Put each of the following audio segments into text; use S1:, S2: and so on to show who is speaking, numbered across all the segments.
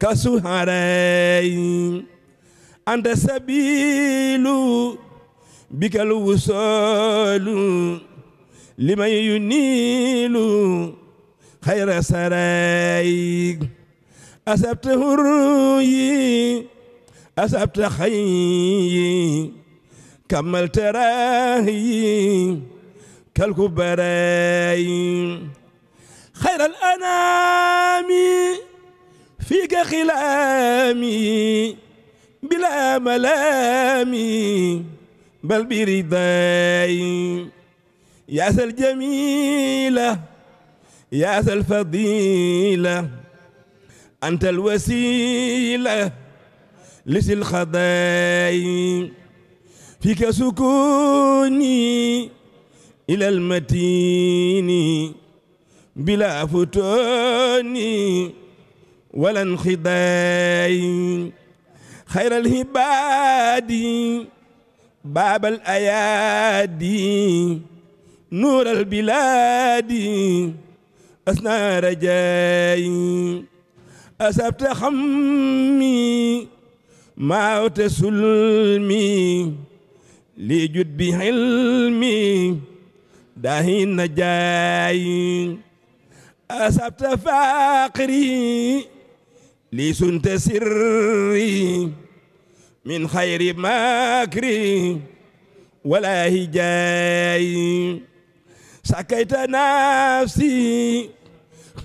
S1: كسهرين أنت سبيل بك الوصول لمن ينيل خير سري أسبت هري أسبت خيي كملت راهي كالكبري خير الأنام فيك خلامي بلا ملامي بل برضاي يا ذا الجميلة يا ذا الفضيلة أنت الوسيلة لسي الخضاي فيك سكوني إلى المتين بلا فتوني wala nxidaay xayral hibaadi baabal ayaadi nuural bilaadi asna rajaay asabta xammi maawte sulmi lii jut bi xilmi daahi najaay asabta faaqri lii sunta sirri min xayri makri wala hijaayi sakayta nafsi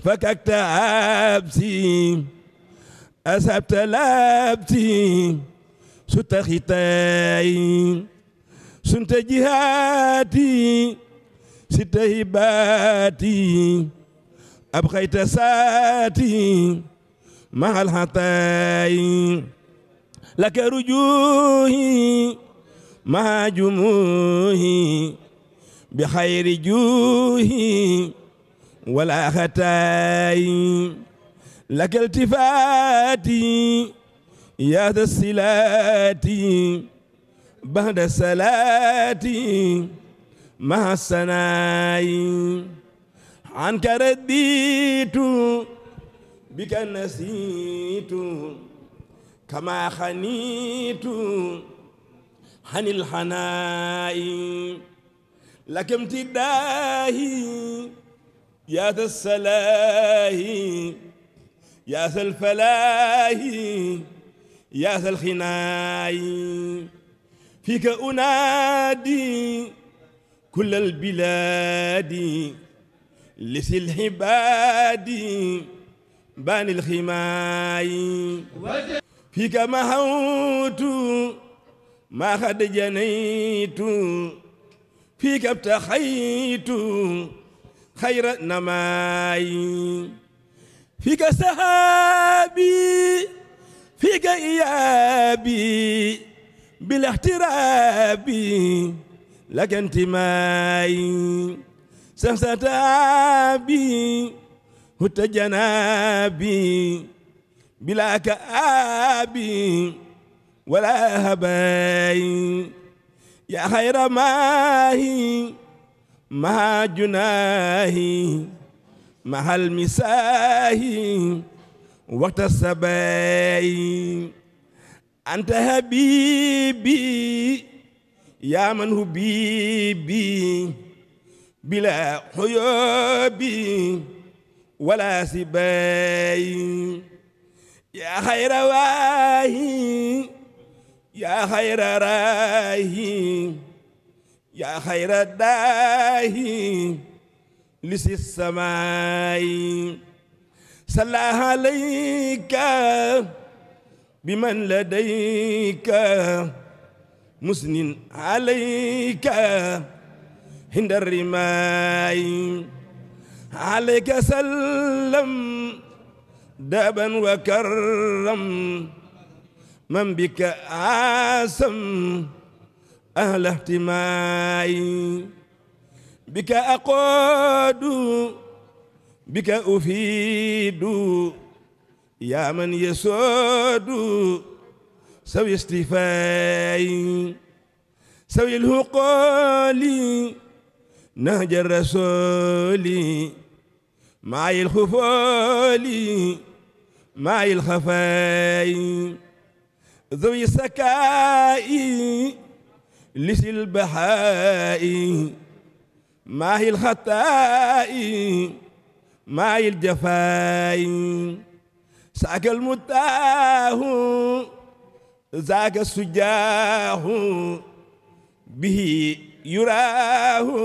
S1: fakakta absi asabta labsi sutta xitaayi sunta jihaati sitta hibaati abxayta saati مع الحطاي لك رجوهي مع جموهي بخير جوهي ولا خطاي لك التفاتي يا ذا الصلات بعد صلاتي مع السناي عنك رديت بك نسيت كما خنيت عن الحناء لك امتداهي يا ذا السلاه يا ذا الفلاه يا ذا الخناء فيك أنادي كل البلاد لسي العباد بان الخماي فيك مهوت ما خد جنيت فيك ابتخيت خير نماي فيك سهابي فيك إيابي بالاحتراب لك انتماي سهسة أبي هت جنابي بلا كآبي ولا هباي يا خير ماهي مع جناهي مع المساهي وقت السباي أنت حبيبي يا من حبيبي بلا حيوبي ولا سباي يا خير واهي يا خير راهي يا خير داهي لسي السماء صلى عليك بمن لديك مسن عليك عند الرماي عليك سلم دابا وكرم من بك عاسم أهل اهتمائي بك أقود بك أفيد يا من يسود سوي استفاي سوي الهقالي نهج الرسول maay il xufooli maay il xafaay zowi sakaayi lisil baxaayi maay il xataayi maay il jafaayi saakal mutaahu zaaka sujaahu bihi yuraahu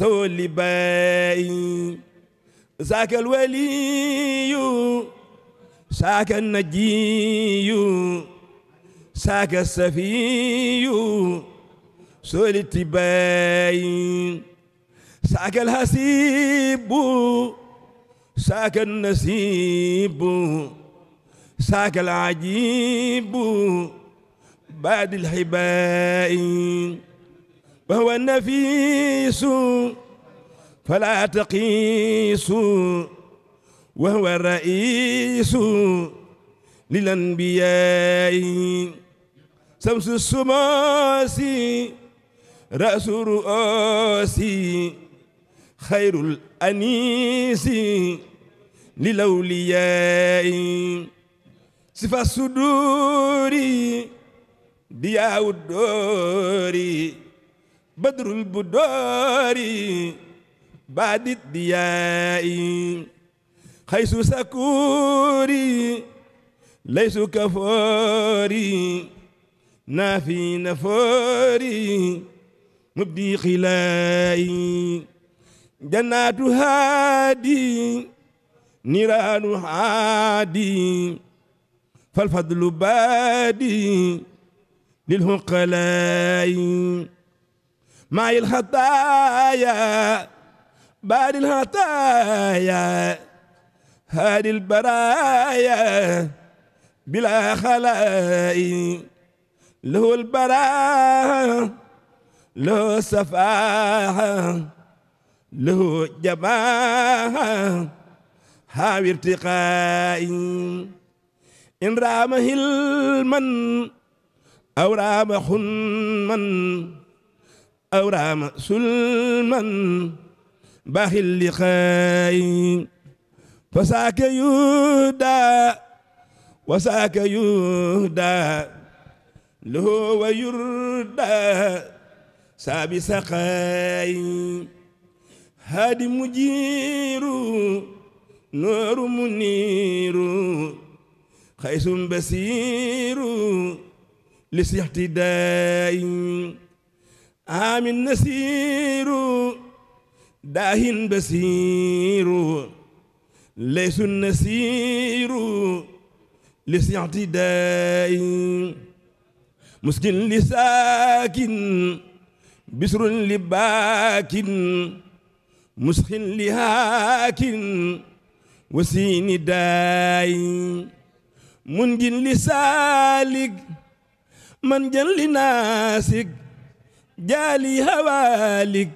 S1: sawli baayi ذاك الولي ساك النجي ساك السفي سول التباين ساك الحسيب ساك النسيب ساك العجيب بعد الحباء وهو النفيس فلا تقيسوا وهو الرئيس للأنبياء شمس الشماس رأس رؤاسي خير الأنيس للأولياء صفة الصدور ضياء الدور بدر البدور بعد الدياء حيث سكوري ليس كفوري نافي نفوري مبدي خلائي جنات هادي نيران هادي فالفضل بادي للهقلاء معي الخطايا بار الهطايا هادي البرايا بلا خلاء له البراء له صفاح له جماح حاوي ارتقاء إن رام هلما أو رام خنما أو رام سلما باخ اللقاء فساك يهدى وساك يهدى له ويردى ساب سقاي هادي مجير نور منير خيس بسير لسي اهتداي آمن نسير daahin basiiru laysu nasiiru li siati daayin muskin li saakin bisrun li baakin muskin li haakin wasiini daayin mungin li saalik man jan li naasik jaali hawaalik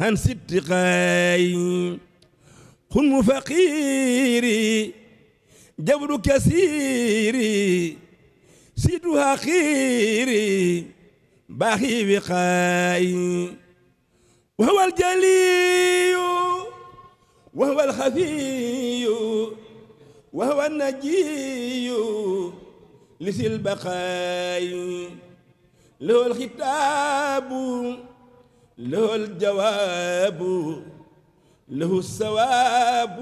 S1: عن صدقاي خن فقيري جبر كثيري سيدها خيري باخي بقاي وهو الجلي وهو الخفي وهو النجي لذي البقاي له الخطاب له الجواب له الثواب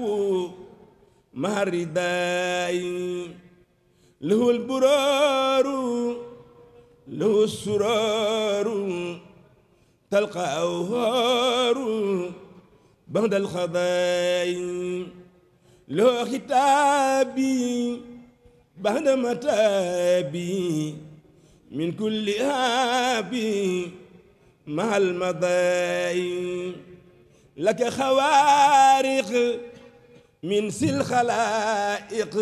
S1: مع الرداء له البرار له السرار تلقى أوهار بعد الخضايا له ختابي بعد متابي من كل آبي مع المضايق لك خوارق من سي الخلائق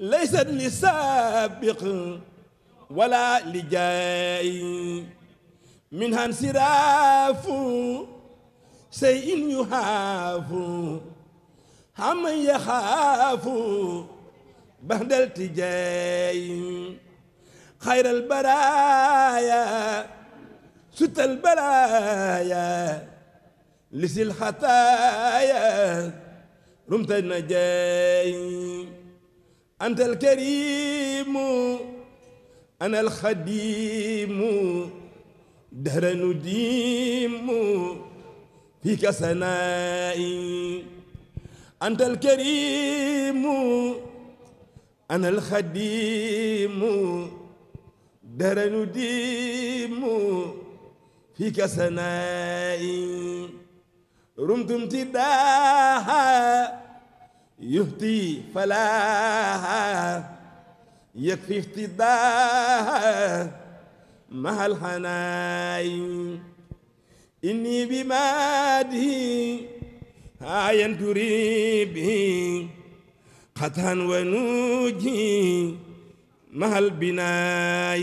S1: ليست لسابق ولا لجاي منها انصراف شيء يهاف هم يخاف بعد التجاي خير البرايا ست البلايا لسي الخطايا رمت النجاي أنت الكريم أنا الخديم دهر نديم فيك سنائي أنت الكريم أنا الخديم دهر نديم في كسناء رمت امتداها يهتي فلاها يكفي اهتداها مع الحناء إني بماده عين تريبي قطعا ونوجي مع البناء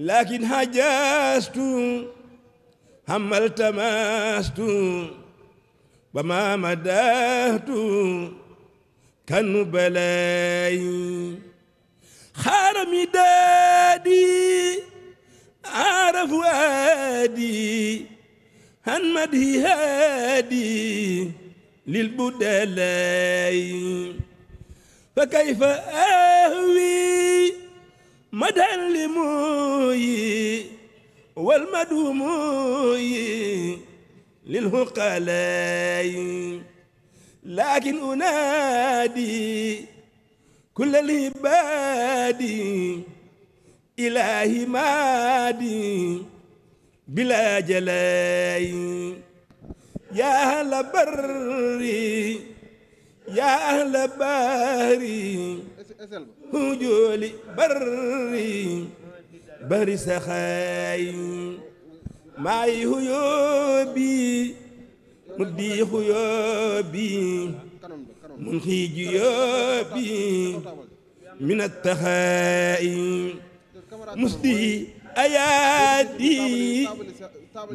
S1: لكن هجست هم التمست وما مدهت كنبلاي خار مدادي عرف وادي هن مدهي هادي للبدلاي فكيف أهوي madal li mooyi wal madu mooyi lil huqalaayi laakin unaadi kulla libaadi ilaahi maadi bila jalaayi yaa ahla barri yaa ahla bahri hujooli bari bari saxaay maay huyoobi mu dii huyoobi mun xiiju yoobi min attaxaay musdi ayaadi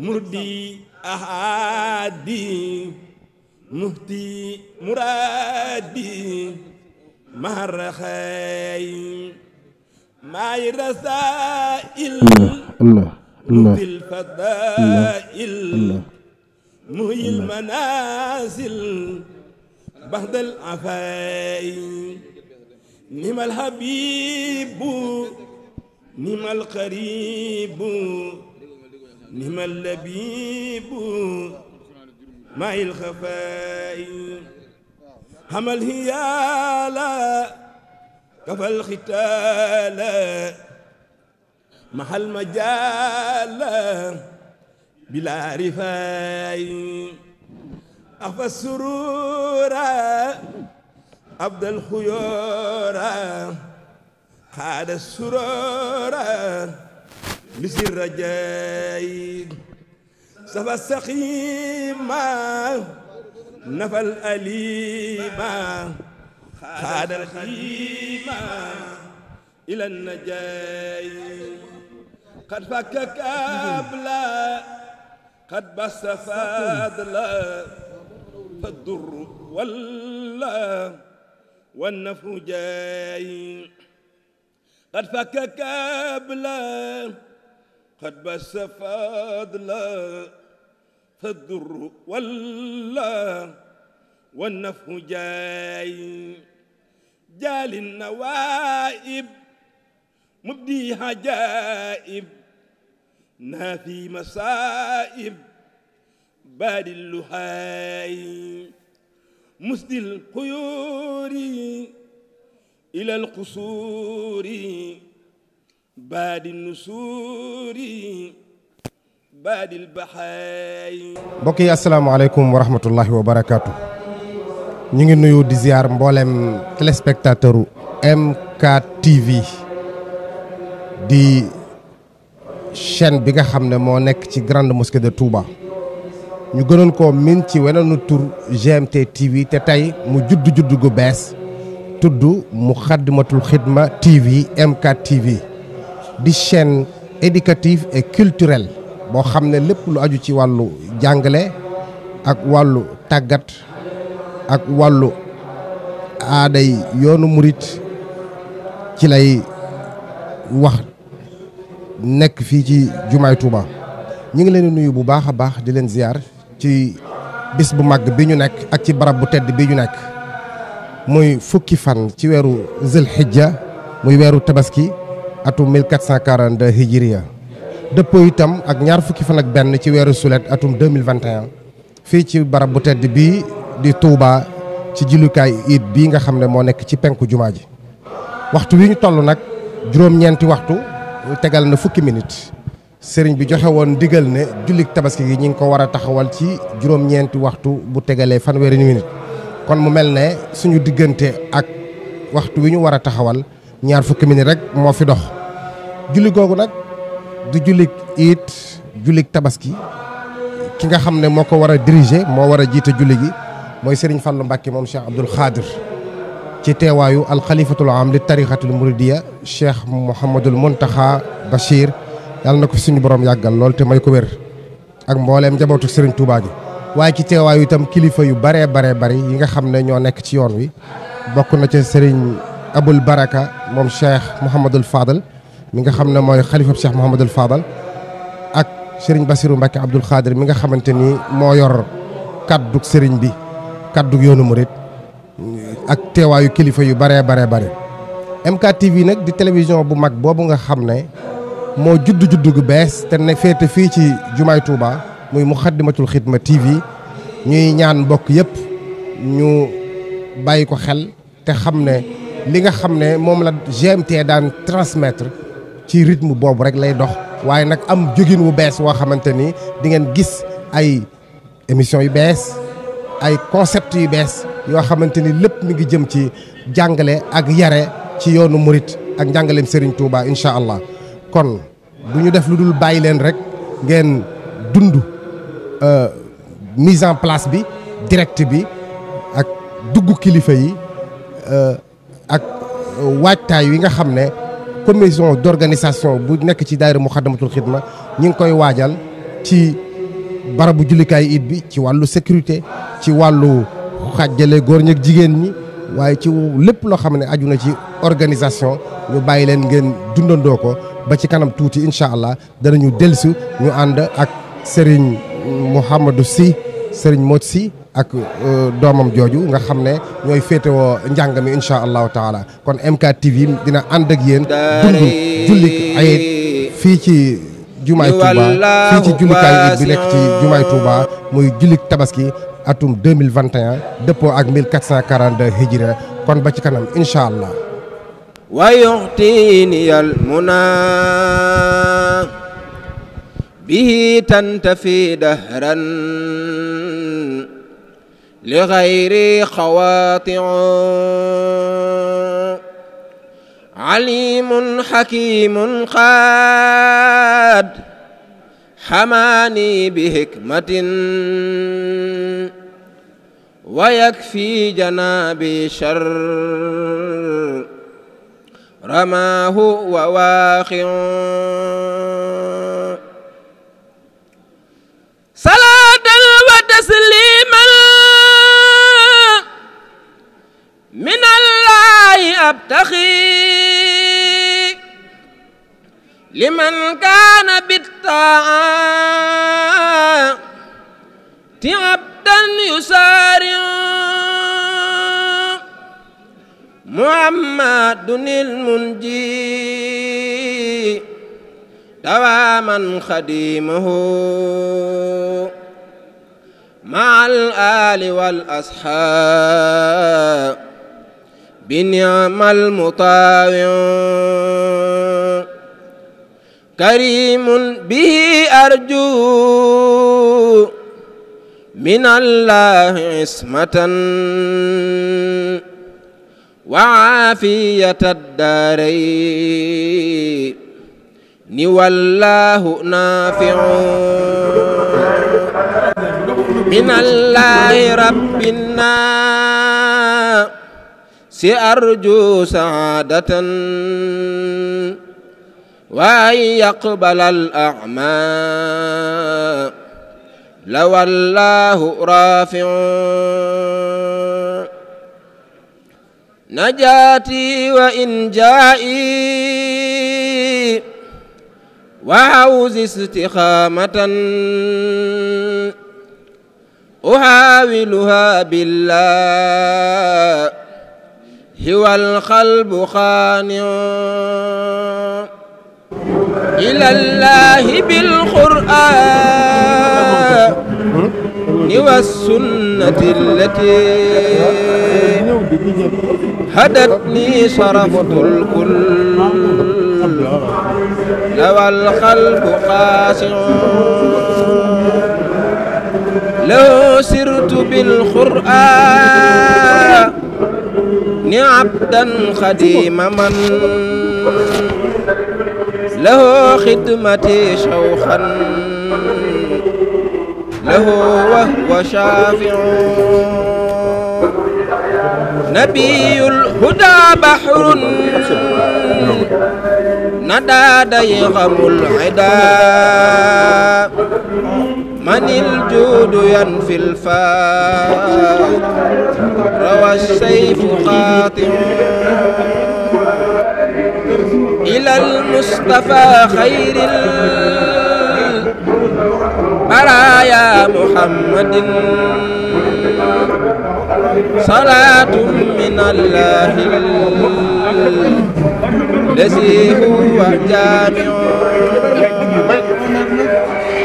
S1: murdi ahaadi muhti muraadi مهرخي معي رسائل في الفضائل مهي المنازل بعد العفاي نم الحبيب نم القريب نم اللبيب معي الخفاي xamal hiyaala kafal xitaala maxal majaala bilaa rifaay axfa suruura abdal xuyoora xaada suroora misir rajaay safa saqiima نفى الأليم خاد الخليم إلى النجاي قد فك كابلا قد بس فاضلا فالضر ولا والنفع جاي قد فك كابلا قد بس فاضلا فالضر والله والنفه جاي جال النوائب مبديها جائب نافي مصائب باد اللهاي مسدي الخيور إلى القصور باد النسور
S2: mbokk yi asalaamaaleykum wa rahmatullahi wa barakaatu. ñu ngi nuyu di ziar mboolem téléspectateur MKTV di chaîne bi nga xam ne moo nekk ci grande mosquée de Touba. ñu gënoon koo min ci weneenu tur GMT TV te tey mu judd judd gu bees tudd Muxaddamatul Xidma TV MKTV di chaîne éducative et culturelle. boo xam ne lépp lu aju ci wàllu jàngale ak wàllu tàggat ak wàllu aaday yoonu murit ci lay wax nekk fii ci jumaay Touba ñu ngi leen di nuyu bu baax a baax di leen ziar ci bis bu mag bi ñu nekk ak ci barab bu tedd bi ñu nekk muy fukki fan ci weeru Zul Hijja muy weeru tabaski atum 1442 hijriya dëppoo itam ak ñaar fukki fan ak benn ci weeru sulet atum 2021 fii ci barab bu tedd bi di Touba ci jullukaay iid bii nga xam ne moo nekk ci penku jumaa ji waxtu wi ñu toll nag juróom-ñeenti waxtu tegal na fukki minute sëriñ bi joxe woon digal ne jullik tabaski gi ñi ngi ko war a taxawal ci juróom-ñeenti waxtu bu tegalee fanweeri minute kon mu mel ne suñu diggante ak waxtu wi ñu war a taxawal ñaar fukki minute rek moo fi dox nag du jullik iit jullik tabaski ki nga xam ne moo ko war a diriger moo war a jiite julli gi mooy Serigne Fallou Mbacké moom Cheikh Abdoul Khadir ci teewaayu alxalifatul am li tarixatul muridiya Cheikh Mouhamadul Mountakha Bachir yàlla na ko fi suñu borom yàggal loolu te may ko wér ak mbooleem njabootu Serigne Touba gi waaye ci teewaayu itam kilifa yu baree baree bari yi nga xam ne ñoo nekk ci yoon wi bokk na ci Serigne abul Baraka moom Cheikh Mouhamadul Fadal mi nga xam ne mooy xalifa xalifab Cheikh Mouhamadul Fadal ak sëriñ basiru mbakke Abdoul Khadir mi nga xamante ni moo yor kàddug sëriñ bi kàddug yoonu murit ak teewaayu kilifa yu baree baree bare MKTV nag di télévision bu mag boobu nga xam ne moo juddu juddu gu bees te ne féete fii ci jumaay Touba muy Muxaddamatul Xidma TV ñuy ñaan mbokk yëpp ñu bàyyi ko xel te xam ne li nga xam ne moom la GMT daan transmettre ci rythme boobu rek lay dox waaye nag am jógin wu bees woo xamante ni di ngeen gis ay émissions yu bees ay concepts yu bees yoo xamante ni lépp mi ngi jëm ci jàngale ak yare ci yoonu murit ak njàngaleen Serigne Touba incha allah kon bu ñu def lu dul bàyyi leen rek ngeen dund euh, mise en place bi direct bi ak dugg kilifa yi euh, ak waajtaay wi nga xam ne. commission d'organisation bu nekk ci daayira Muxaddamatul Xidma ñi ngi koy waajal ci barabu jullikaay it bi ci wàllu sécurité ci wàllu xàjjale góor ñeeg jigéen ñi waaye ci lépp loo xam ne aju na ci organisation ñu bàyyi leen ngeen dundandoo ko ba ci kanam tuuti incha allah danañu dellusi ñu ànd ak sëriñ Mouhamadou si Serigne Modou si ak euh, doomam jooju nga xam ne ñooy féetewoo njàng mi incha allahu taala kon MKTV dina ànd ak yéen dund julli ayit fii ci jumaay Touba fii ci jullikaay it bi nekk ci jumaay Touba muy jullik tabaski atum 2021 dëppoo ak 1442 hijra kon ba ci kanam incha allah
S3: wa yuxtini al muna bihi tantafi dahran li xayri xawaati alimun xakimun xaad xamaani bi xikmatin wa yakfi janaabi shar ramaahu wa waaqiu salaatan wa tasliim أبتخي لمن كان بالطاعة عبدا يسارع محمد المنجي دواما خديمه مع الآل والأصحاب بنعم المطاوع كريم به أرجو من الله عصمة وعافية الدارين والله نافع
S1: من الله
S3: رب الناس si arju saadatan wa an yaqbala al a'ma la wallahu rafi'un najati wa inja'i wa awzi istiqamatan uhawiluha billah هو القلب خانع إلى الله بالقرآن والسنة التي هدتني صرفت الكل لو القلب قاسع لو سرت بالقرآن ni abdan xadima man lahu xidmati shawxan lahu wa huwa shaafi'un nabiyul huda bahrun nada daygamul ida manil juudu yanfil faa روى السيف قاطع إلى المصطفى خير البرايا محمد صلاة من الله الذي هو جامع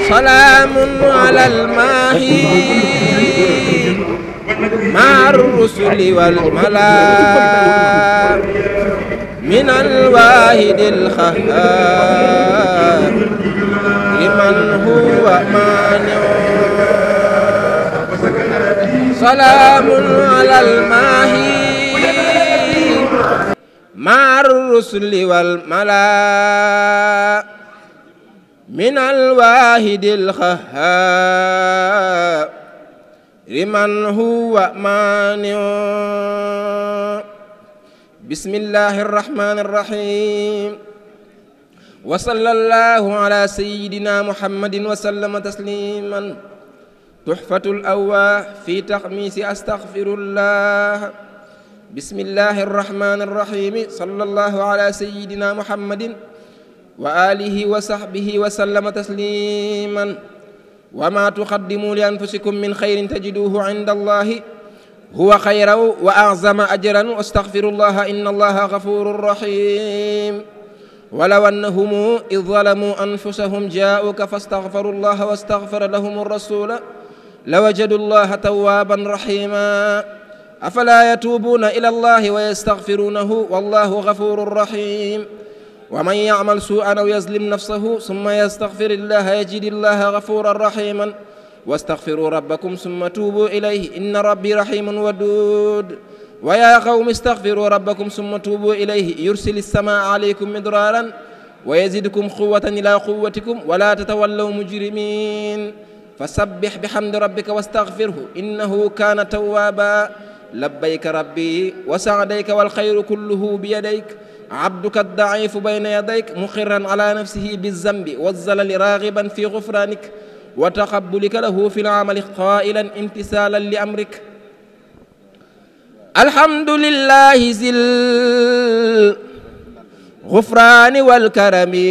S3: سلام على الماهي مع الرسل والملا من الواحد الخهار لمن هو مانع سلام على الماهي مع الرسل والملا من الواحد الخهار liman huwa maaniu bismillahi arrahmani irrahim wa sallallahu ala sayidina muhammadin wa sallama tasliman tuhfatul awwaa fi taxmiisi astaghfirullah bismillahi arrahmani irrahimi sallallahu ala sayidina muhammadin wa alihi wa sahbihi wa sallama tasliman wa maa tuqaddimu li anfusikum min xayrin tajiduhu inda allahi huwa xayran wa azama ajran wa astaxfirullaha inna allaha gafurun rahim walaw annahum id zalamuu anfusahum jaa'uuka fastaxfaru llaha wa staxfara lahum rasula la wajadu llaha tawaaban rahima afalaa yatuubuuna ila allahi wa yastaxfiruunahu wallahu gafurun rahim wa man yacmal suu'an aw yazlim nafsahu summa yastaxfir illaha yajid illaha gafuran raximan wastaxfiruu rabbakum summa tuubuu ilayhi inna rabbi raximun waduud wa yaa qawmi istaxfiruu rabbakum summa tuubuu ilayhi yursili samaa aleykum midraaran wa yazidkum quwwatan ilaa quwwatikum wa laa tatawallaw mujrimiin fasabbix bihamdi rabbika wastaxfirhu innahu kaana tawwaaba labbayka rabbi wa sacdayka walxayru kulluhu biyadayk abduka daifu bayna yadayk muxiran ala nafsihi bizambi wazalali ragiban fi gufranik wa taxabulika lahu fi lamali qailan imtisaalan li amrik alhamdulillahi zil gufraani walkarami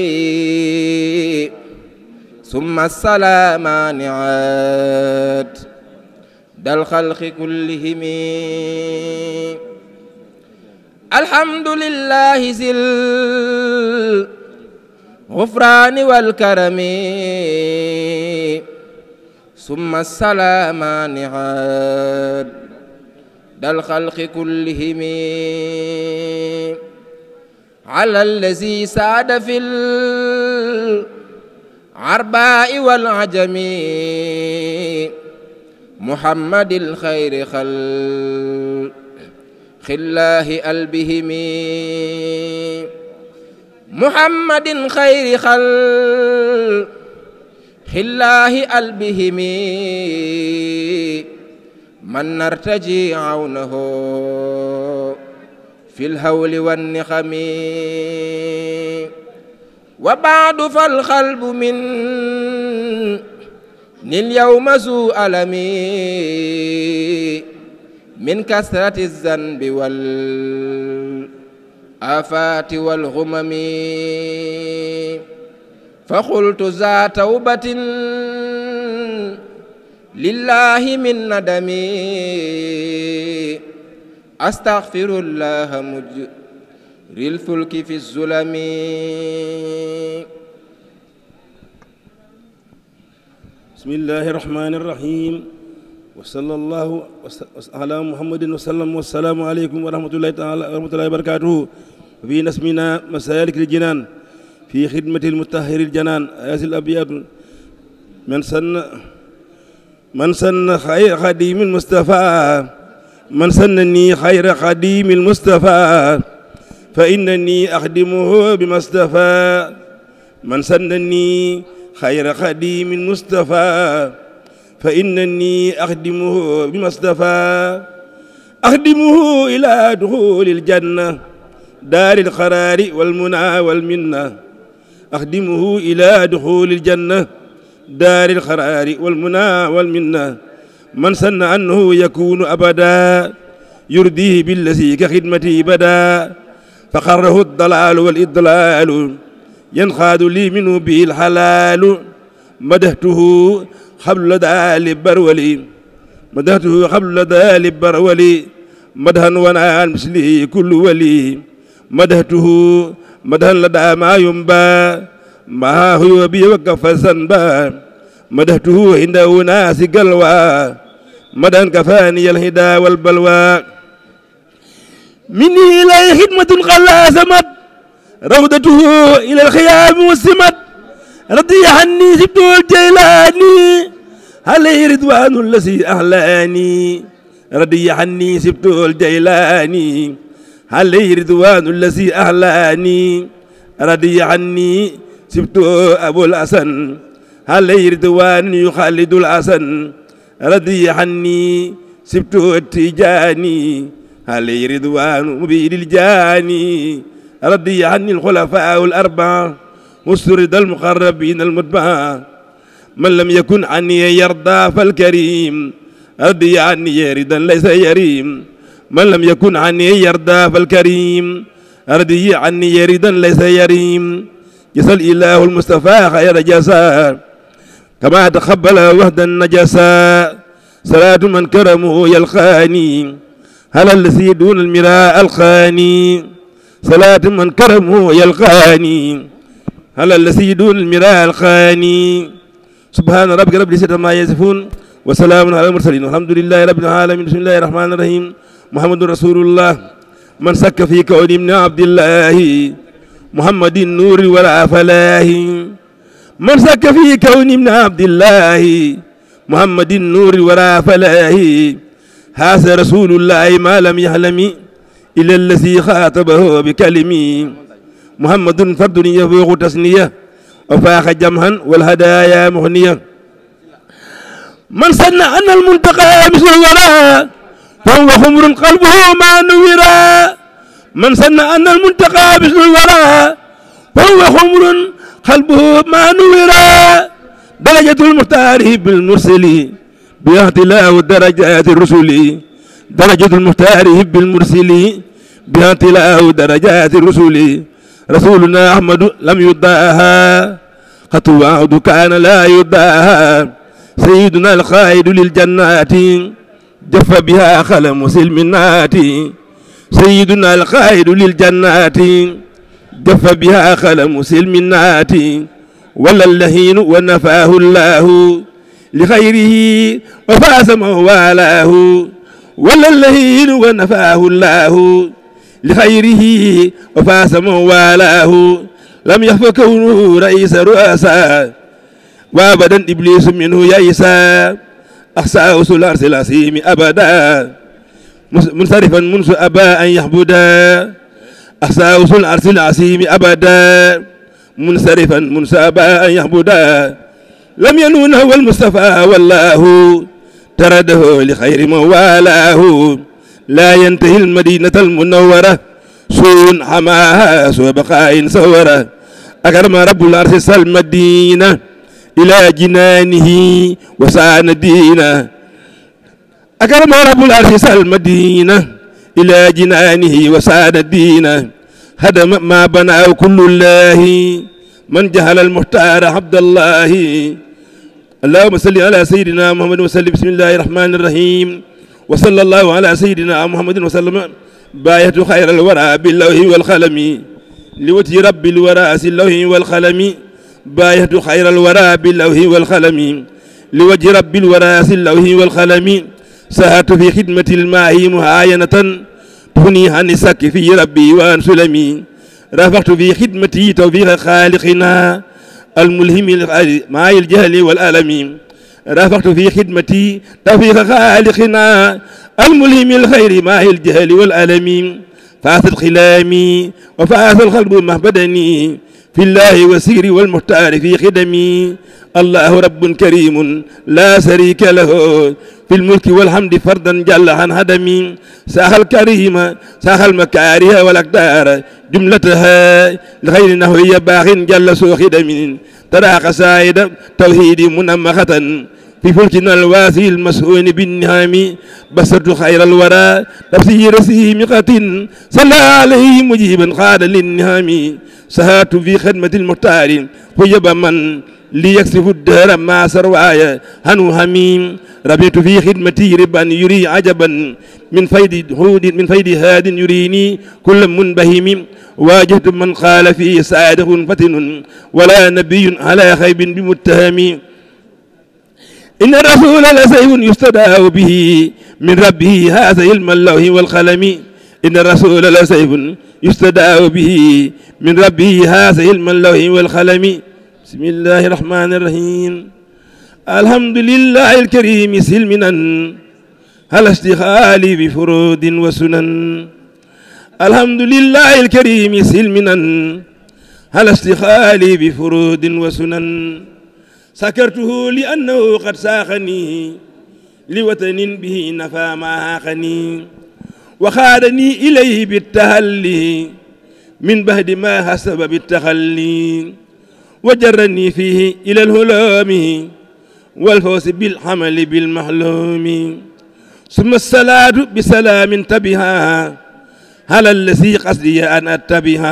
S3: summa salaamaani aad dal xalqi kullihimi alhamdulillahi zil gufraani wal karami summa salaamaani xaad dal xalqi kullihimi ala allazi saada fil arbaa'i wal ajami muhammadil xayri xal xillaahi albihimi muhammadin xayri xal xillaahi albihimi man nartaji awnahu في الهول والنخم وبعد فالقلب من اليوم ذو ألمي min kasrati zanbi wal afaati wal xumami fa xultu za tawbatin lillahi min nadami astaxfirullaha mujril fulki fi zulami
S1: bismillahi rahmani rahim wa sallallahu ala muhammadin wa sallam wassalaamu aleykum wa rahmatullahi taala wa rahmatullahi wa barakatuhu fi nasmina masalik aljinan fi xidmati almutahiri aljanan ayasil abiyatu man sanna man sanna xayra xadimi almustafa man sannani xayra xadimi almustafa fa innani axdimuhu bima stafa man sannani xayra xadimi almustafa fa innani axdimuhu bi mastafa axdimuhu ila duxuli aljanna daari alxaraari walmuna walminna axdimuhu ila duxuli aljanna daari alxaraari walmuna walminna man sanna annahu yakunu abada yurdihi billasi ka xidmati bada fa xarrahu dalaalu wal idlaalu yanxaadu lii minhu bihi alxalaalu madahtuhu xablu la daali barwali madahtu xablu la daali barwali madahan wanaan misli kullu wali madahtuhu madahan la daa maa yumba maa huwa bi wakafa sanba madahtuhu hinda unaasi galwa madan kafaani yalhida walbalwa minni ilay xidmatun xalaasamat rawdatuhu ilal xiyaami wasimat radiya anni sibtul jaylaani alayhi ridwaanu lazi ahlaani radiya anni sibtul jaylaani alayhi ridwaanu lazi ahlaani radiya anni sibtu abul hasan alayhi ridwaanu yuxaalidul hasan radiya anni sibtu tijaani alayhi ridwaanu mubidil jaani radiya anni alxulafaa al arbaa واستر رضا المقربين المتبع من لم يكن عني يرضى فالكريم رضي عني رضا ليس يريم من لم يكن عني يرضى فالكريم رضي عني رضا ليس يريم جزى الإله المصطفى خير جزاء كما تقبل وحد النجساء صلاة من كرمه يلقاني هل الذي دون المراء الخاني صلاة من كرمه يلقاني alal sayyidul miral xaani subhaana rabbika rabbil izzati ammaa yasifuun wa salaamun alal mursaliin walhamdulillaahi rabbil aalamiin bismillaahi rahmaani rahiim muhammadun rasuulullaah man sakka fii kawni ibni abdillaahi muhammadin nuuri wal afalaahi man sakka fii kawni ibni abdillaahi muhammadin nuuri wal afalaahi haasa rasuulullaahi maa lam yahlami ilaa llazii xaatabahu bi kalimi محمد فرد يفوق تسنية وفاق جمها والهدايا مغنية من سن أن المنتقى مثل الورى فهو خمر قلبه ما نورا من سن أن المنتقى مثل الورى فهو خمر قلبه ما نورا درجة المختار بالمرسل بيهد الله درجات الرسل درجة المختار بالمرسل بيهد الله درجات الرسل rasuluna ahmadu lam yudaaha xatu waadu kaana laa yudaaha sayiduna alxayidu lil jannati jafa biha xalamu silminaati sayiduna alxayidu lil jannati jafa biha xalamu silminaati wala lahiinu wa nafaahu llahu li xayrihi wa faasa man walaahu wala lahiinu wa nafaahu llahu لخيره وفاز من والاه لم يخف كونه رئيس رؤساء وابدا ابليس منه يئسا احساه سلارس العصيم ابدا منصرفا منذ ابى ان يحبدا احساه سلارس العصيم ابدا منصرفا منذ ابى ان يحبدا لم ينونه المصطفى والله ترده لخير من والاه laa yantahi almadinata almunawara suun xamaaha soo baqaayin sawara akarama rabbul arsi salmadina ila jinaanihi wa saana diina akarama rabbul arsi salmadina ila jinaanihi wa saana diina hadama ma banaaw kullullahi man jahala almuxtaara abdallahi allahuma salli ala sayidina muhammadin wa sallim bismillahi rahmani rahim wa sallallahu ala sayyidina muhammadin wa sallama baayatu xayral wara bi lawhi wal xalami li wati rabbil wara si lawhi wal xalami baayatu xayral wara bi lawhi wal xalami li wati rabbil wara si lawhi wal xalami sahatu fi xidmatil maahi muhaayanatan tufni hani sakki fi rabbi wa an sulami rafaxtu fi xidmati tawfiqa xaaliqina almulhimi maayil jahli wal alami رافقت في خدمتي توفيق خالقنا الملهم الخير ماهي الجهل والألم فاس خلامي وفاس القلب مهبدني في الله وسيري والمختار في خدمي الله رب كريم لا شريك له في الملك والحمد فردا جل عن هدمي ساخ الكريم ساخ المكاره والأقدار جملتها لخير نهوي باخ جل سوء خدمي taraa xasaayida tawxiidi munamaxatan بفلكنا الواسي المسؤول بالنعم بسرت خير الورى نفسي رسي مقات صلى عليه مجيبا خال للنعم سهات في خدمة المختار ويب من ليكسف الدهر ما سروايا هنو هميم ربيت في خدمتي ربا يري عجبا من فيد هود من فيد هاد يريني كل منبهم واجهت من قال فيه سائد فتن ولا نبي على خيب بمتهم إن الرسول لسيف يستدعى به من ربه هذا علم الله والقلم إن الرسول لسيف يستدعى به من ربه هذا علم الله والقلم بسم الله الرحمن الرحيم الحمد لله الكريم سلمنا هل اشتغالي بفروض وسنن الحمد لله الكريم سلمنا هل اشتغالي بفروض وسنن sakartuhu li annahu qad saaxanii li watanin bihi nafa maaxanii waxaadanii ilayhi bittahalli min bahdi ma hasaba bittahalli wa jarranii fiihi ilal huloomi wal fawsi bil amali bil maxluumi summa salaatu bi salaamin tabiha halal la si qasdiya an attabiha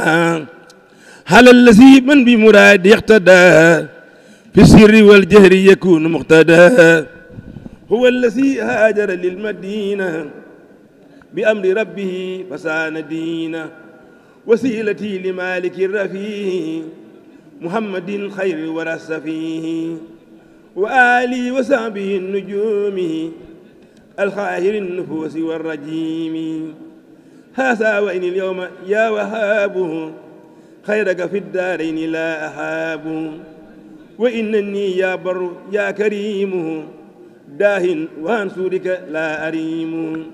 S1: halal la si man bi muraadi ixtadaa في السر والجهر يكون مقتدى هو الذي هاجر للمدينة بأمر ربه فسان دينا وسيلتي لمالك الرفيه محمد خير ورس فيه وآلي وصحبه النجوم الخاهر النفوس والرجيم هذا وإن اليوم يا وهاب خيرك في الدارين لا أحاب wa innani ya barru ya karimu daahin wa an suurika la arimu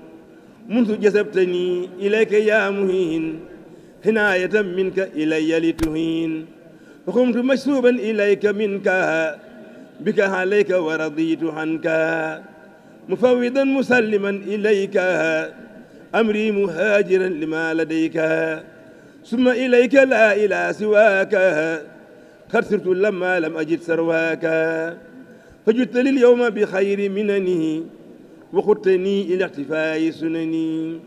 S1: mundu jasabtani ilayka ya muhin hinaayatan minka ilayya lituhin fa qumtu mashsuuban ilayka minka bika alayka wa raditu anka mufawwidan musalliman ilayka amri muhaajiran lima ladayka summa ilayka la ilaha siwaaka قد سرت لما لم أجد سرواك فجدت لي اليوم بخير منني وخدتني إلى احتفاء سنني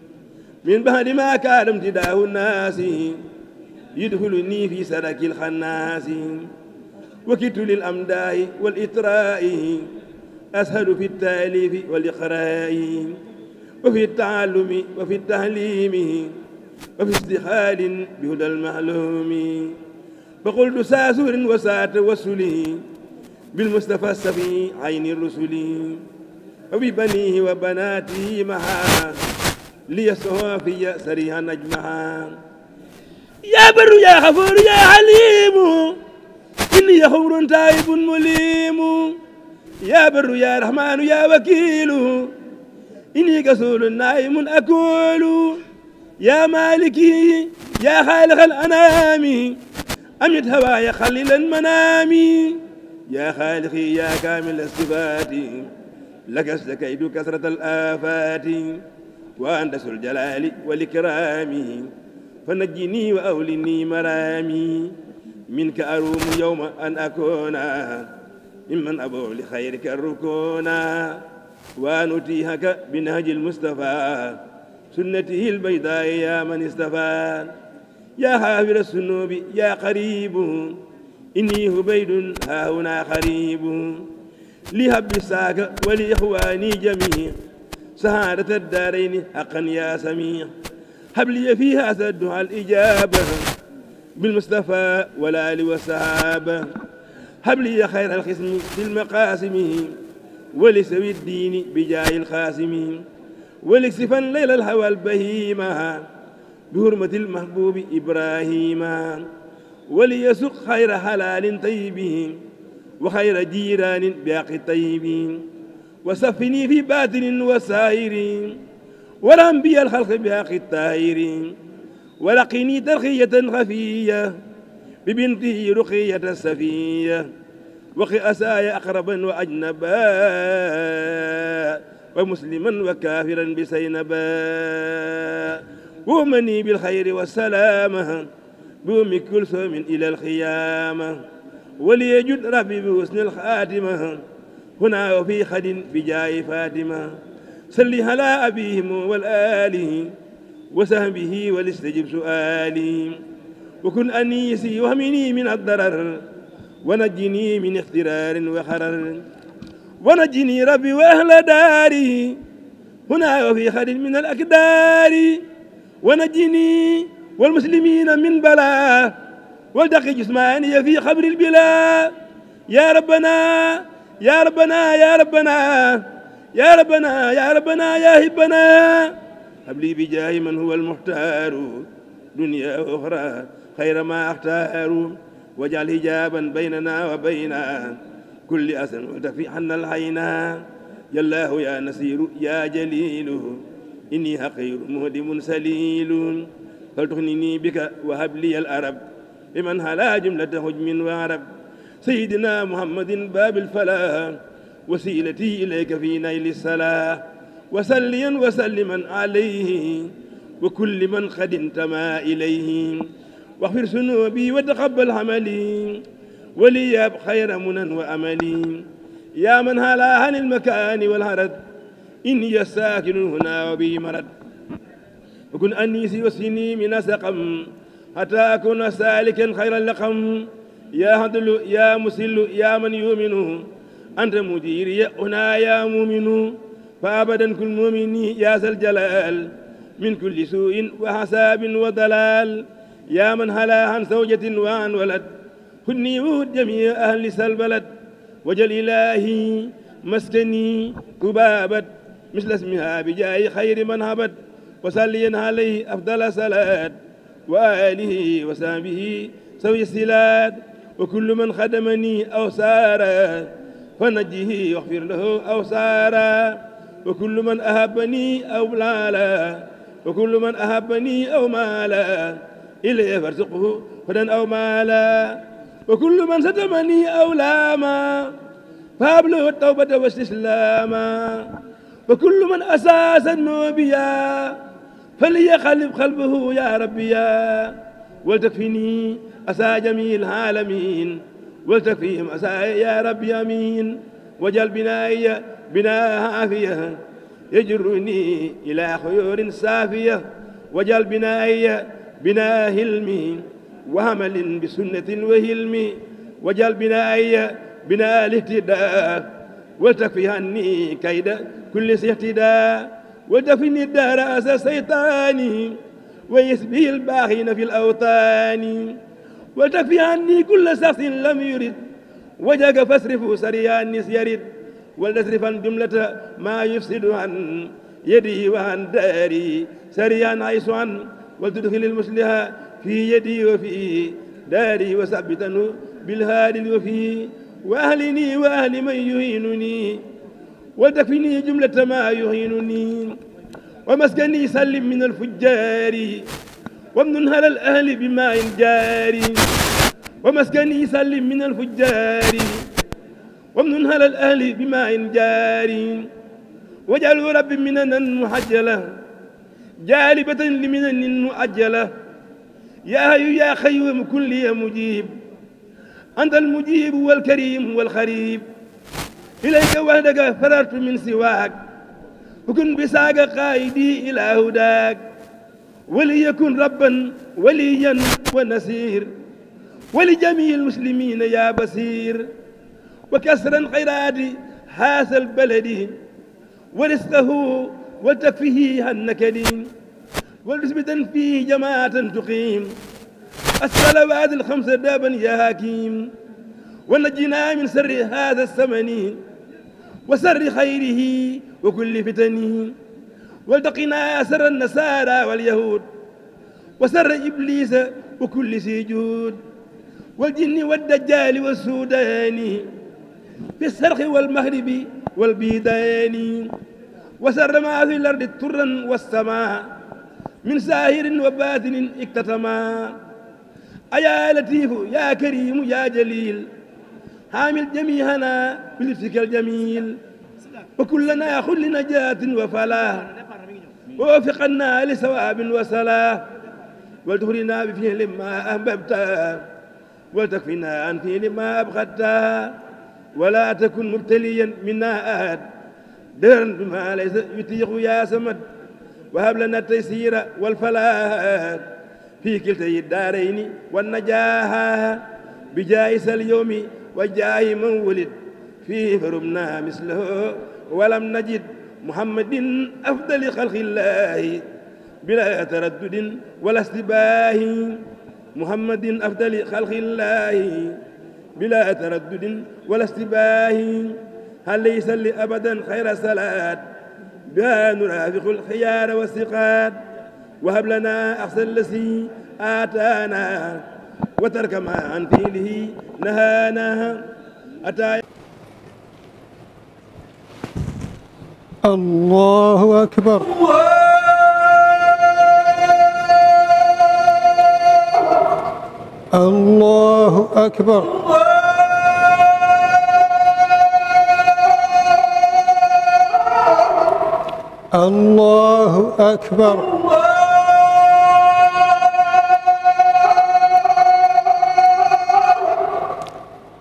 S1: من بعد ما كان امتداه الناس يدخلني في سلك الخناس وكدت للأمداح والإطراء أسهل في التأليف والإقراء وفي التعلم وفي التعليم وفي استخال بهدى المعلوم فقلت ساسور وساء توسلي بالمصطفى السفي عين الرسل وببنيه وبناته معا ليسوى في سريها نجمها يا بر يا غفور يا عليم إني غفور تائب مليم يا بر يا رحمن يا وكيل إني كسول نائم أكول يا مالكي يا خالق الأنام أمد هواي خليلا منامي يا خالقي يا كامل الصفات لك استكيد كثرة الآفات وأندس الجلال والإكرام فنجني وأولني مرامي منك أروم يوم أن أكون ممن أبوع لخيرك الركونا وأن أتيهك بنهج المصطفى سنته البيضاء يا من استفاد يا حافر الذنوب يا قريب إني هبيد ها هنا قريب لهب ساك ولإخواني جميع سهادة الدارين حقا يا سميع هب لي فيها سدها الإجابة بالمصطفى والآل والصحابة هب لي خير الخصم في المقاسم ولسوي الدين بجاه الخاسم ولكسفا ليل الهوى البهيمة bi hurmatil mahbuubi ibrahima wali yasuq xayra xalaalin tayibi wa xayra jiiraanin bi aqi tayibi wa saffinii fi baatinin wa saayiri wal ambiya alxalqi bi aqi taayiri wa laqinii tarxiyatan xafiya bi binti ruqiyata safiya waqi asaaya aqraban wa ajnaba wa musliman wa kaafiran bi saynaba ومني بالخير والسلامة بأم كلثوم إلى الخيامة وليجد ربي بحسن الخاتمة هنا وفي خد بجاه فاتمة صل على أبيهم والآله وسهبه وليستجب سؤالي وكن أنيسي وهمني من الضرر ونجني من اخترار وخرر ونجني ربي وأهل داري هنا وفي خد من الأكدار wa najjini wal muslimiina min balaa wal daqi jismaaniya fi xabril bilaa yaa rabbanaa yaa rabbanaa yaa rabbanaa yaa rabbanaa yaa rabbanaa yaa hibbanaa habli bi jaahi man huwa almuxtaaru dunya uxra xayra maa axtaaru wajal hijaaban baynanaa wa bayna kulli asan wa tafi xannal xaynaa yallaahu yaa nasiiru yaa jaliilu إني حقير مهدم سليل فلتغنني بك وهب لي الأرب بمن هلا جملة هجم وعرب سيدنا محمد باب الفلاح وسيلتي إليك في نيل الصلاة وسليا وسلما عليه وكل من قد انتمى إليه واغفر ذنوبي وتقبل عملي ولياب خير منن وأملي يا من هلا عن المكان والهرد إني ساكن هنا وبي مرد وكن أنيسي وسني من سقم حتى أكون سالكا خير اللقم يا هدل يا مسل يا من يؤمن أنت مديري هنا يا مؤمن فأبدا كل مؤمن يا ذا الجلال من كل سوء وحساب وضلال يا من هلا عن زوجة وعن ولد كني ود جميع أهل البلد وجل إلهي مسكني كبابت مثل اسمها بجاه خير من هبت وسلي عليه أفضل صلاة وآله وصحبه سوي الصلاة وكل من خدمني أو سارا فنجيه واغفر له أو سارا وكل من أهبني أو بلالا وكل من أهبني أو مالا إليه فارزقه هدى أو مالا وكل من ستمني أو لاما فابله التوبة والاستسلاما وكل من أساس النوبيا فليخلف قلبه يا ربيا ولتكفني أسى جميع العالمين ولتكفيهم أسى يا ربي أمين وجل بناي بناء عافية يجرني إلى خيور سافية وجل بناي بناء هلمي وعمل بسنة وهلم وجل بناي بناء الاهتداء وتكفي عني كيد كل اهتداء وتفني الدهر أسى سيطاني ويسبي الباغين في الأوطان وتكفي عني كل شخص لم يرد وجهك فاصرفه سريع النس يرد ولتصرفا جملة ما يفسد عن يدي وعن داري سريعا عيس عن ولتدخل المسلح في يدي وفي داري وثبتنه بالهادي وفي وأهلني وأهل من يهينني وتكفني جملة ما يهينني ومسكني سلم من الفجار وامن هل الأهل بماء جاري ومسكني سلم من الفجار وامن هل الأهل بماء جاري واجعل رب مننا محجلة جالبة لمنن مؤجلة يا أيها يا خيوم كل مجيب anta almujibu walkarim walxarib ilayka wahdaka farartu min siwaak ukun bisaaka qaayidi ila hudaak وليكن ربا وليا ونسير ولجميع المسلمين يا بصير وكسرا خيرات هذا البلد ورزقه وتكفيه النكد ولتثبتا فيه جماعة تقيم الصلوات الخمس دابا يا حكيم ونجنا من سر هذا الزمن وسر خيره وكل فتنه والتقنا سر النصارى واليهود وسر إبليس وكل سجود والجن والدجال والسوداني في السرخ والمغرب والبيداني وسر ما في الأرض ترا والسماء من ساهر وباطن اكتتما أيا لطيف يا كريم يا جليل حامل جميعنا بلطفك الجميل وكلنا خذ لنجاة وفلاح ووفقنا لثواب وصلاح ولتغرنا بفعل ما أحببت ولتكفنا عن فعل ما أبغضت ولا تكن مبتليا منا أحد درا بما ليس يطيق يا سمد وهب لنا التيسير والفلاح في كلتي الدارين والنجاح بجائس اليوم وجاه من ولد فيه فرمنا مثله ولم نجد محمد أفضل خلق الله بلا تردد ولا استباه محمد أفضل خلق الله بلا تردد ولا استباه هل ليس لي أبدا خير صلاة بها نرافق الخيار والثقات wahab lana ahsan lasi aataana wa tarka ma an fiilihi nahaana ata
S4: allahu akbar allahu akbar allahu akbar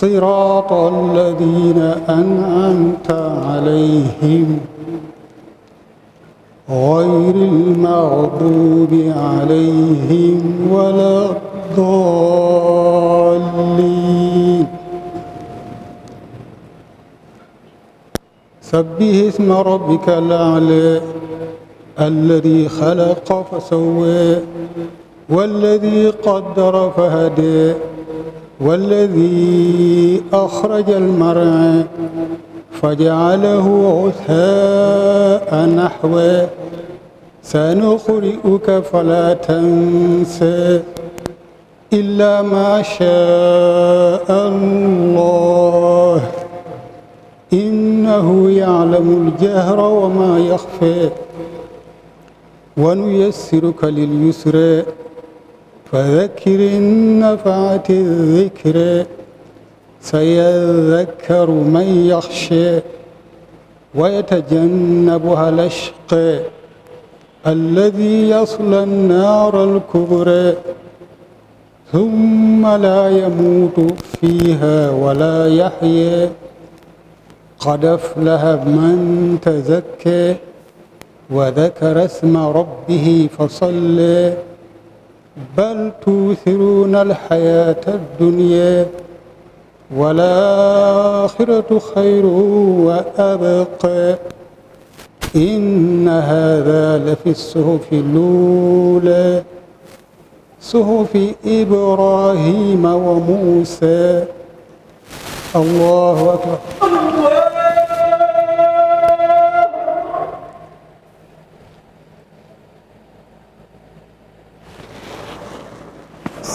S4: صراط الذين أنعمت عليهم غير المغضوب عليهم ولا الضالين سبح اسم ربك الأعلى الذي خلق فسوى والذي قدر فهدى والذي أخرج المرعى فجعله عثاء نحوه سنقرئك فلا تنسى إلا ما شاء الله إنه يعلم الجهر وما يخفى ونيسرك لليسرى فذكر إن نفعت الذكر سيذكر من يخشى ويتجنبها الأشقى الذي يصلى النار الكبرى ثم لا يموت فيها ولا يحيى قد أفلح من تزكى وذكر اسم ربه فصلى بل توثرون الحياة الدنيا والآخرة خير وأبقى إن هذا لفي الصحف الأولى صحف إبراهيم وموسى الله أكبر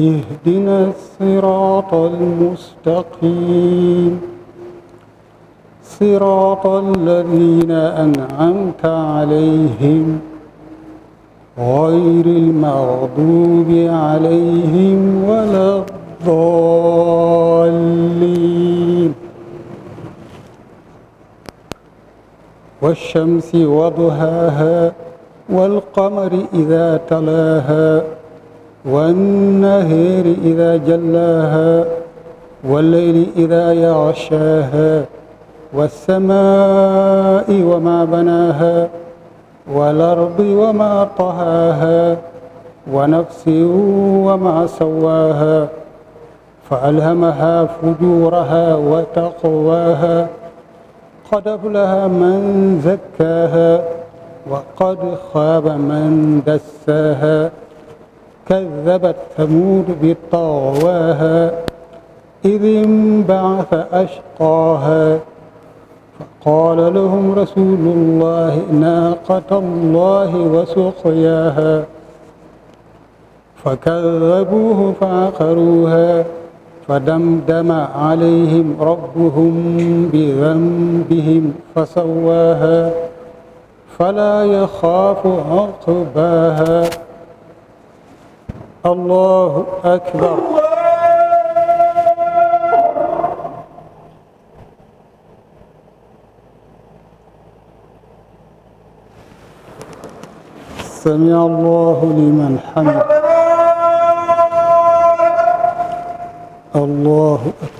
S4: اهدنا الصراط المستقيم صراط الذين أنعمت عليهم غير المغضوب عليهم ولا الضالين والشمس وضهاها والقمر إذا تلاها والنهر إذا جلاها والليل إذا يغشاها والسماء وما بناها والأرض وما طهاها ونفس وما سواها فألهمها فجورها وتقواها قد أفلها من زكاها وقد خاب من دساها كذبت ثمود بطغواها إذ انبعث أشقاها فقال لهم رسول الله ناقة الله وسقياها فكذبوه فعقروها فدمدم عليهم ربهم بذنبهم فسواها فلا يخاف عقباها الله أكبر سمع الله لمن حمد الله أكبر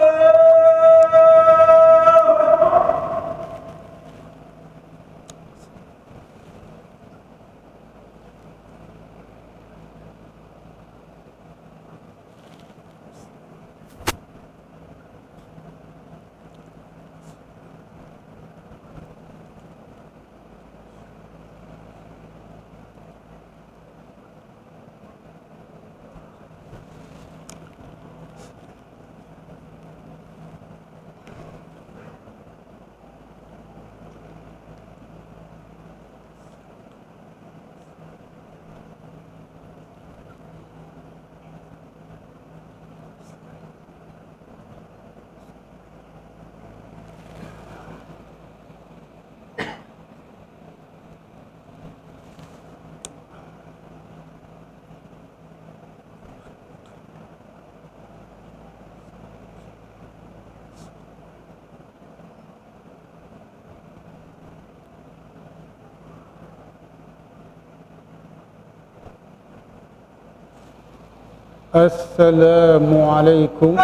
S4: asalaamualeykum.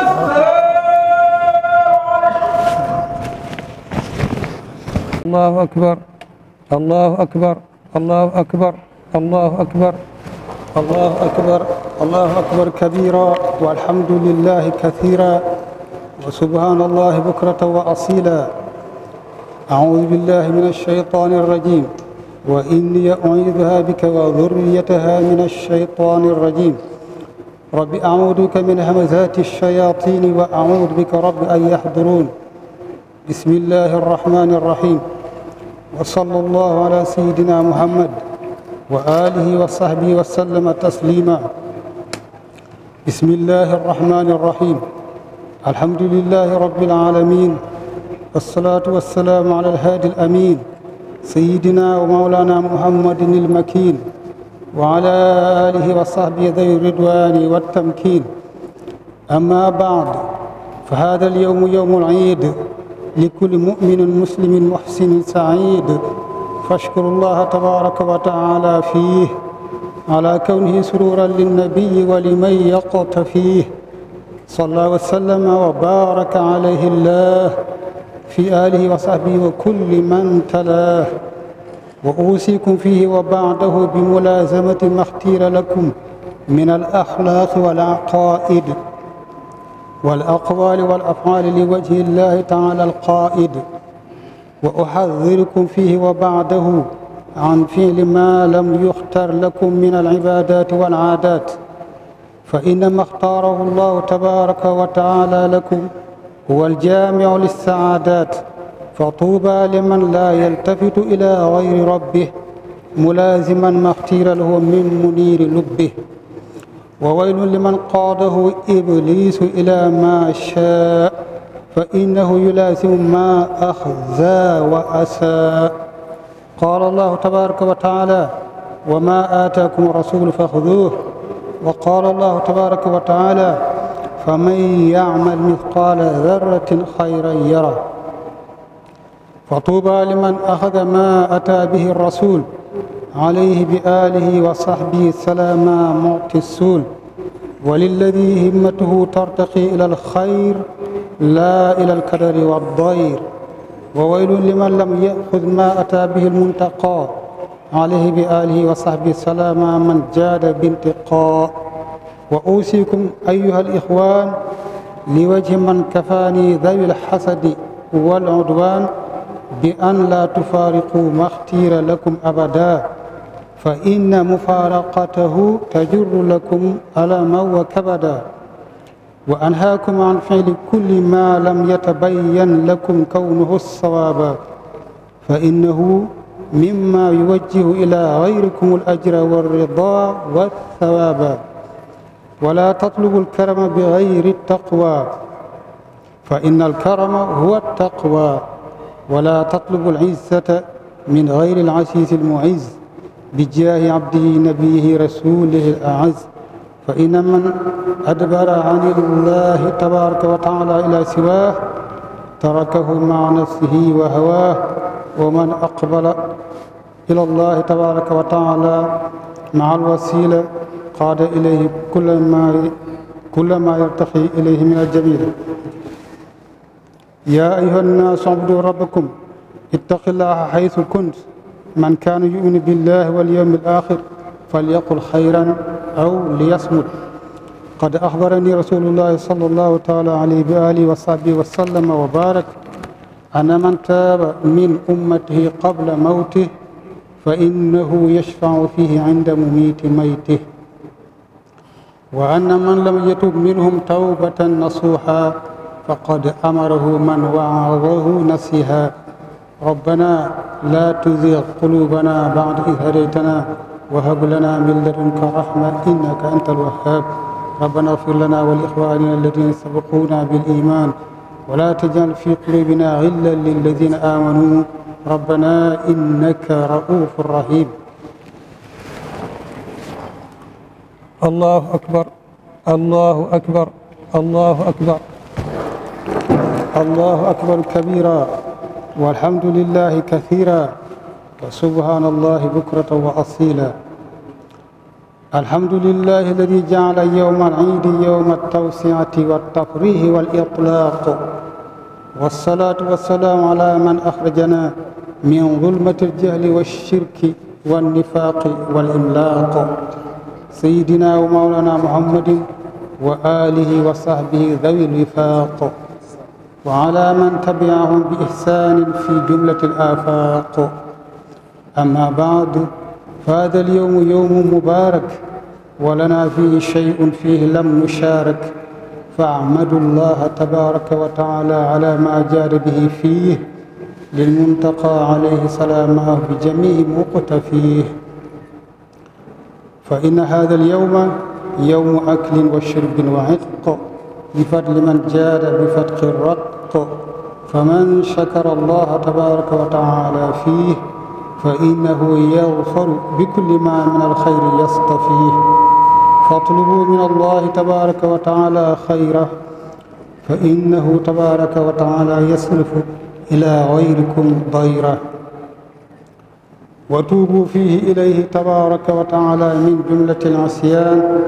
S4: allahu akbar allahu akbar allahu akbar allahu akbar allahu akbar allahu akbar kabira walhamdulillahi kathira wa subhanallahi bukratan wa asila أعوذ بالله من الشيطان الرجيم وإني أعيذها بك وذريتها من الشيطان الرجيم رب أعوذ بك من همزات الشياطين وأعوذ بك رب أن يحضرون بسم الله الرحمن الرحيم وصلى الله على سيدنا محمد وآله وصحبه وسلم تسليما بسم الله الرحمن الرحيم الحمد لله رب العالمين والصلاة والسلام على الهادي الأمين سيدنا ومولانا محمد المكين وعلى آله وصحبه ذوي الردوان والتمكين أما بعد فهذا اليوم يوم العيد لكل مؤمن مسلم محسن سعيد فاشكروا الله تبارك وتعالى فيه على كونه سرورا للنبي ولمن يقتفيه صلى الله وسلم وبارك عليه الله في آله وصحبه وكل من تلاه وأوصيكم فيه وبعده بملازمة ما اختير لكم من الأخلاق والعقائد والأقوال والأفعال لوجه الله تعالى القائد وأحذركم فيه وبعده عن فعل ما لم يختر لكم من العبادات والعادات فإنما اختاره الله تبارك وتعالى لكم هو الجامع للسعادات فطوبى لمن لا يلتفت إلى غير ربه ملازما ما اختير له من منير لبه وويل لمن قاده إبليس إلى ما شاء فإنه يلازم ما أخزى وأسى قال الله تبارك وتعالى وما آتاكم الرسول فخذوه وقال الله تبارك وتعالى فمن يعمل مثقال ذرة خيرا يره فطوبى لمن أخذ ما أتى به الرسول عليه بآله وصحبه سلام معطي السول وللذي همته ترتقي إلى الخير لا إلى الكدر والضير وويل لمن لم يأخذ ما أتى به المنتقى عليه بآله وصحبه سلام من جاد بانتقاء وأوصيكم أيها الإخوان لوجه من كفاني ذوي الحسد والعدوان bi an laa tufaariqu maxtiira lakum abada fa inna mufaaraqatahu tajurru lakum alaman wa kabada wa anhaakum an fili kulli ma lam yatabayan lakum kawnuhu sawaaba fa innahu mimma yuwajjihu ila gayrikum alajra walrida walthawaaba wala tatlubu alkarama bigayri altaqwa fa inna alkarama huwa altaqwa ولا تطلب العزة من غير العزيز المعز بجاه عبده نبيه رسوله الأعز فإن من أدبر عن الله تبارك وتعالى إلى سواه تركه مع نفسه وهواه ومن أقبل إلى الله تبارك وتعالى مع الوسيلة قاد إليه كل ما كل ما يرتقي إليه من الجميل يا أيها الناس اعبدوا ربكم اتقوا الله حيث كنت من كان يؤمن بالله واليوم الآخر فليقل خيرا أو ليصمت قد أخبرني رسول الله صلى الله تعالى عليه وآله وصحبه وسلم وبارك أن من تاب من أمته قبل موته فإنه يشفع فيه عند مميت ميته وأن من لم يتب منهم توبة نصوحا فقد أمره من وعظه نفسها ربنا لا تزغ قلوبنا بعد إذ هديتنا وهب لنا من لدنك رحمة إنك أنت الوهاب ربنا اغفر لنا ولإخواننا الذين سبقونا بالإيمان ولا تجعل في قلوبنا غلا للذين آمنوا ربنا إنك رؤوف رحيم الله أكبر الله أكبر الله أكبر الله أكبر كبيرا والحمد لله كثيرا وسبحان الله بكرة وأصيلا الحمد لله الذي جعل يوم العيد يوم التوسعة والتفريح والإطلاق والصلاة والسلام على من أخرجنا من ظلمة الجهل والشرك والنفاق والإملاق سيدنا ومولانا محمد وآله وصحبه ذوي الوفاق وعلى من تبعهم بإحسان في جملة الآفاق أما بعد فهذا اليوم يوم مبارك ولنا فيه شيء فيه لم نشارك فاعمدوا الله تبارك وتعالى على ما جار به فيه للمنتقى عليه سلامه بجميع مقتفيه فإن هذا اليوم يوم أكل وشرب وعتق بفضل من جاد بفتح الرق فمن شكر الله تبارك وتعالى فيه فإنه يغفر بكل ما من الخير يصطفيه فاطلبوا من الله تبارك وتعالى خيره فإنه تبارك وتعالى يصرف إلى غيركم ضيره وتوبوا فيه إليه تبارك وتعالى من جملة العصيان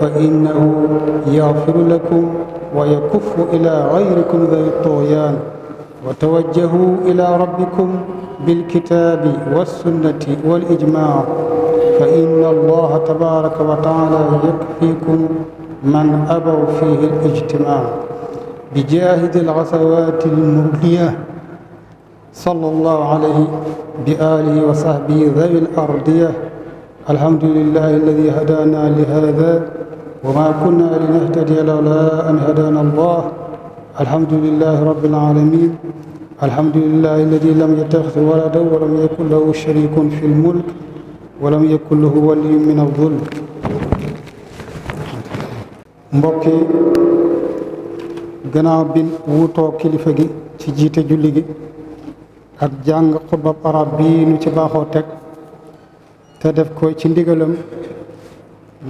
S4: فإنه يغفر لكم ويكف إلى غيركم ذوي الطغيان وتوجهوا إلى ربكم بالكتاب والسنة والإجماع فإن الله تبارك وتعالى يكفيكم من أبوا فيه الاجتماع بجاهد العثوات المبنية صلى الله عليه بآله وصحبه ذوي الأرضية الحمد لله الذي هدانا لهذا وما كنا لنهتدي لولا أن هدانا الله الحمد لله رب العالمين الحمد لله الذي لم يتخذ ولدا ولم يكن له شريك في الملك ولم يكن له ولي من الظلم mbokki gannaaw bi wutoo kilifa gi ci jiite julli gi ak jàng xutbab arab bi nu ci baaxoo teg te def ko ci ndigalam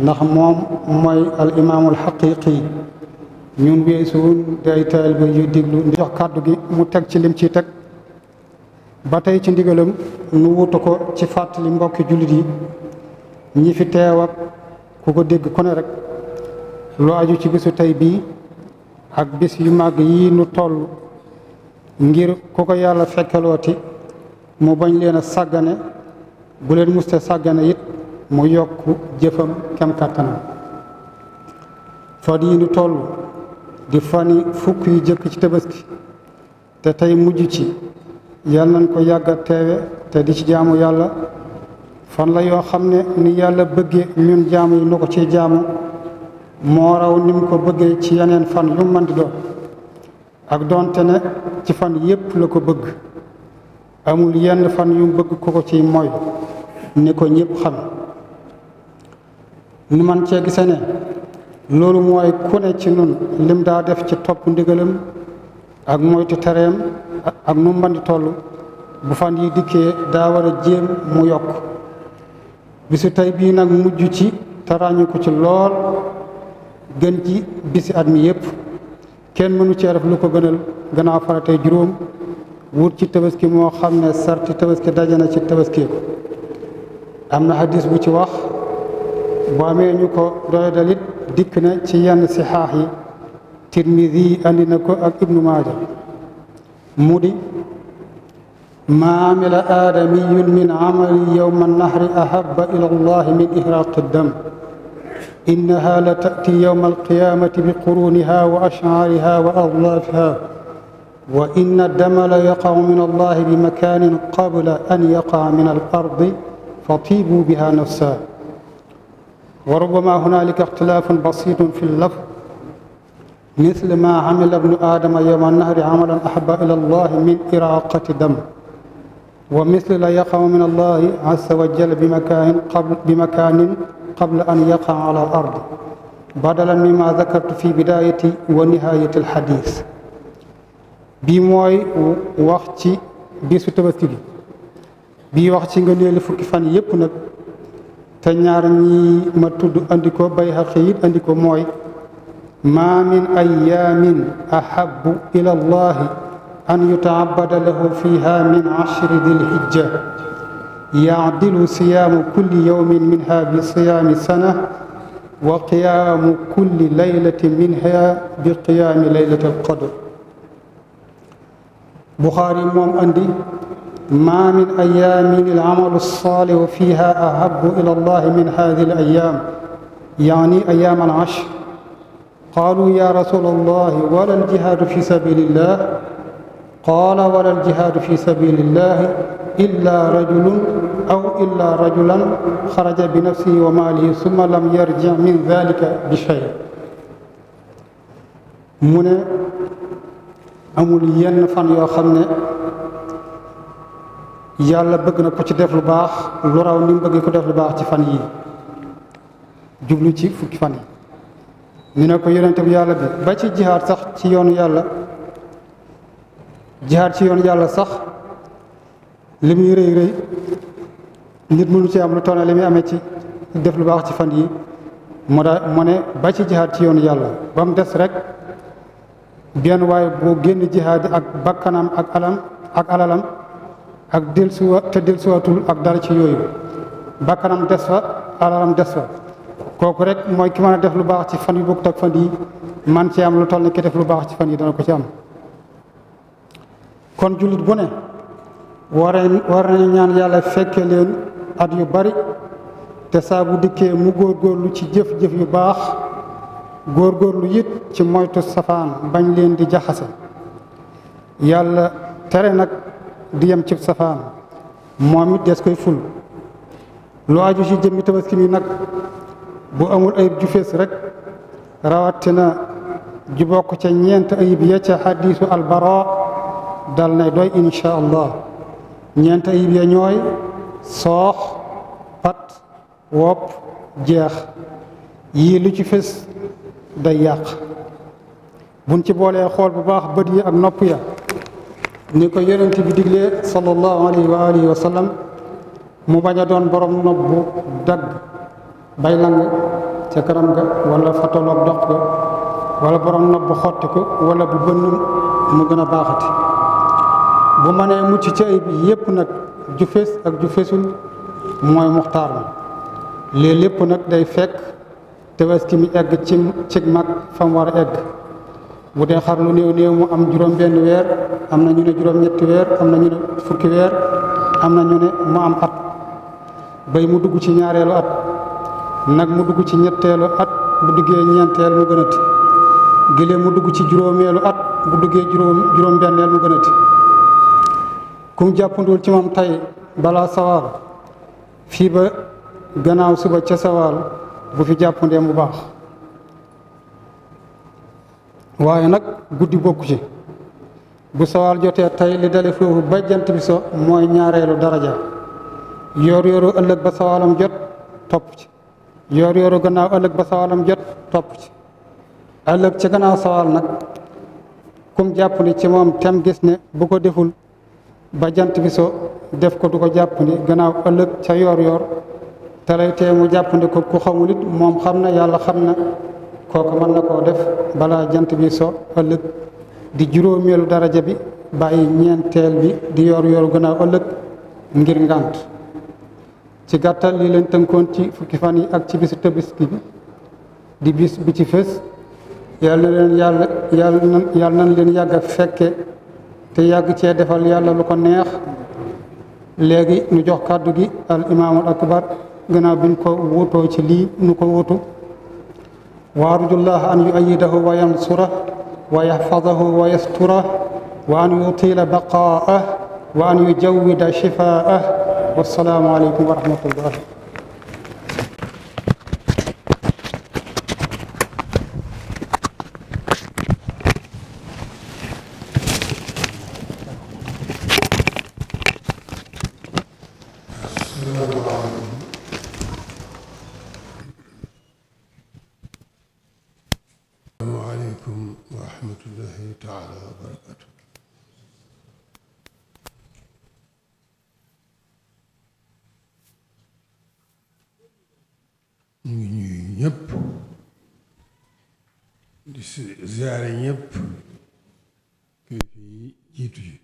S4: ndax moom mooy al imaamul xaqiqi ñun weesuwuñ day taalibe kàddu gi mu teg ci lim ciy teg ba tey ci ndigalam nu wutu ko ci fàttali mbokki jullit yi ñi fi teew ak ku ko dégg ku ne rek lu aju ci bisu tey bii ak bis yu màgg yi nu toll ngir ku ko yàlla fekkelooti mu bañ leen a sàggane bu leen muste sàggane it mu yokk jëfam kem kàttanam fan yi nu toll di fani fukk yu jëkk ci tabaski te tey mujj ci yal nañ ko yàgga teewe te di ci jaamu yàlla fan la yoo xam ne ni yàlla bëggee ñun jaamu yi nu ko ci jaamu moo raw ni mu ko bëggee ci yeneen fan yu mën doon ak doonte ne ci fan yépp la ko bëgg amul yenn fan yu bëgg ko ko ciy moy ni ko ñépp xam ñu man cee gise ne loolu mooy ku ne ci nun lim daa def ci topp ndigalam ak moytu tereem ak nu mën di toll bu fan yi dikkee daa war a jéem mu yokk bi bisu tey bii nag mujj ci te ko ci lool gën ci bisi at mi yépp kenn mënu cee def lu ko gënal gannaaw faratee juróom wut ci tabaski moo xam ne sarti tabaski daje na ci tabaski ko am na hadis bu ci wax bu amee ñu ko doyadal it dikk na ci yenn si xaax yi tirmidi yi andi na ko ak ibnu maaja mu di ma amila aadamiyun min amali yowma nahri ahaba ila allahi min ihraqi dam innaha la taati yowma alqiyamati bi quruniha wa ashcaariha wa adlaafiha wa inna dama la yaqacu min allahi bi makanin qabla an yaqaca min al ardi fa tiibu biha nafsa وربما هنالك اختلاف بسيط في اللفظ مثل ما عمل ابن آدم يوم النهر عملا أحب إلى الله من إراقة دم ومثل لا يقع من الله عز وجل بمكان قبل, بمكان قبل أن يقع على الأرض بدلا مما ذكرت في بداية ونهاية الحديث bii mooy wax ci bisu tabaski bi bii wax ci nga neelu fukki fan yépp nag te ñaar ñi ma tudd andi ko bayhaqi it andi ko mooy ma min ayaamin ahabu ila allahi an yutaabada lahu fiha min ashri dilhijja yaadilu siyaamu kulli yawmin minha bi siyaami sana wa qiyaamu kulli laylati minha bi qiyaami laylati alqadr buxaari moom andi ما من أيام العمل الصالح فيها أحب إلى الله من هذه الأيام يعني أيام العشر قالوا يا رسول الله ولا الجهاد في سبيل الله قال ولا الجهاد في سبيل الله إلا رجل أو إلا رجلا خرج بنفسه وماله ثم لم يرجع من ذلك بشيء mu ne amul yenn fan yoo xam ne yàlla bëgg na ko ci def lu baax lu raw ni mu bëgg ko def lu baax ci fan yi jublu ci fukki fan yi ñu ne ko yonente bi yàlla bi ba ci jihaad sax ci yoonu yàlla jihaad ci yoonu yàlla sax li muy rëy rëy nit mënu ci am lu tone li muy amee ci def lu baax ci fan yi mu da mu ne ba ci jihaad ci yoonu yàlla ba mu des rek benn waaye boo génn jihaad ak bakkanam ak alam ak alalam ak dellusiwa te dellusiwaatul ak dara ci yooyu bakkanam des fa alalam des fa kooku rek mooy ki mën a def lu baax ci fan yi bokkut ak fan yi man ci am lu toll ni def lu baax ci fan yi dana ko ci am kon jullit bu ne war war ñaan yàlla fekke leen at yu bari te saa bu dikkee mu góorlu ci jëf-jëf yu baax góor góorlu it ci moytu safaan bañ leen di jaxase yàlla tere nag di yem cib safaan moom it des koy ful lu aju ci jëmmi tabaski mi nag bu amul ayib ju fees rek rawatina ju bokk ca ñeent ayib ya ca xadiisu albara dal nay doy insha allah ñeent ayib ya ñooy soox pat wopp jeex yii lu ci fees day yàq buñ ci boolee xool bu baax bët yi ak nopp ya ni ko yonent bi diglee sallallahu alayhi wa alihi wa sallam mu bañ a doon borom nopp bu dagg bay lang ca kanam ga wala fatoloog dox ga wala borom nopp bu xotti ko wala bu bënn mu gën a baaxati bu mënee mucc ci ayib yépp nag ju ak ju feesul mooy muxtaar ma lii lépp nag day fekk ki mi egg ci cig mag fa mu war a egg bu dee xar lu néew néew mu am juróom benn weer am na ñu ne juróom ñetti weer am na ñu ne fukki weer am na ñu ne mu am at bay mu dugg ci ñaareelu at nag mu dugg ci ñetteelu at bu duggee ñeenteel mu gën a mu dugg ci juróomeelu at bu duggee juróom juróom benneel mu gënati a kum jàppandul ci moom tey balaa sawaal fii ba gannaaw suba ca sawaal bu fi jàppandee mu baax waaye nag guddi bokku ci bu sawaal jotee tey li dale foofu ba jant bi so mooy ñaareelu daraja yoor yooru ëllëg ba sawaalam jot topp ci yoor yooru gannaaw ëllëg ba sawaalam jot topp ci ëllëg ci gannaaw sawaal nag kum jàpp ci moom tem gis ne bu ko deful ba jant bi so def ko du ko jàpp ni gannaaw ëllëg ca yoor yoor te mu jàpp ni ko ku xamul moom xam na yàlla xam na kooku mën na koo def balaa jant bi so ëllëg di juróomeelu daraja bi bàyyi ñeenteel bi di yor yor gannaaw ëllëg ngir ngànt ci gàttal li leen tënkoon ci fukki fan yi ak ci bisu tabaski bi di bis bi ci fës yàlla na leen yàlla yàlla leen yàgg a fekke te yàgg cee defal yàlla lu ko neex léegi nu jox kàddu gi al imaamul akbar gannaaw biñ ko wutoo ci lii nu ko wutu وأرجو الله أن يؤيده وينصره ويحفظه ويستره وأن يطيل بقاءه وأن يجود شفاءه والسلام عليكم ورحمة الله
S5: ziyaare ñëpp kilifa yi jiitu ji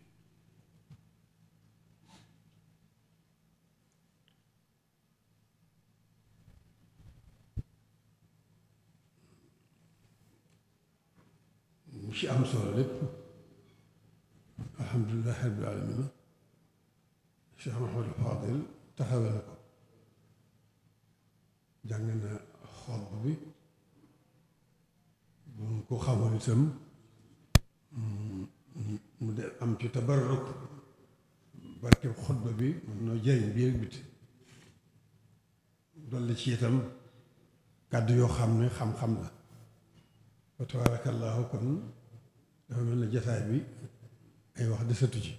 S5: mu ci am solo lépp alhamdulilah rabbil alamin Cheikh Mahamadou Fadil taxawee na ko jàng na xol bi mu ko xamoon itam mu de am ci tabarruk barke xutba bi mën noo jëriñ bi ak biti dolli ci itam kàddu yoo xam ne xam-xam la fa kon dafa mel na jataay bi ay wax desatu ci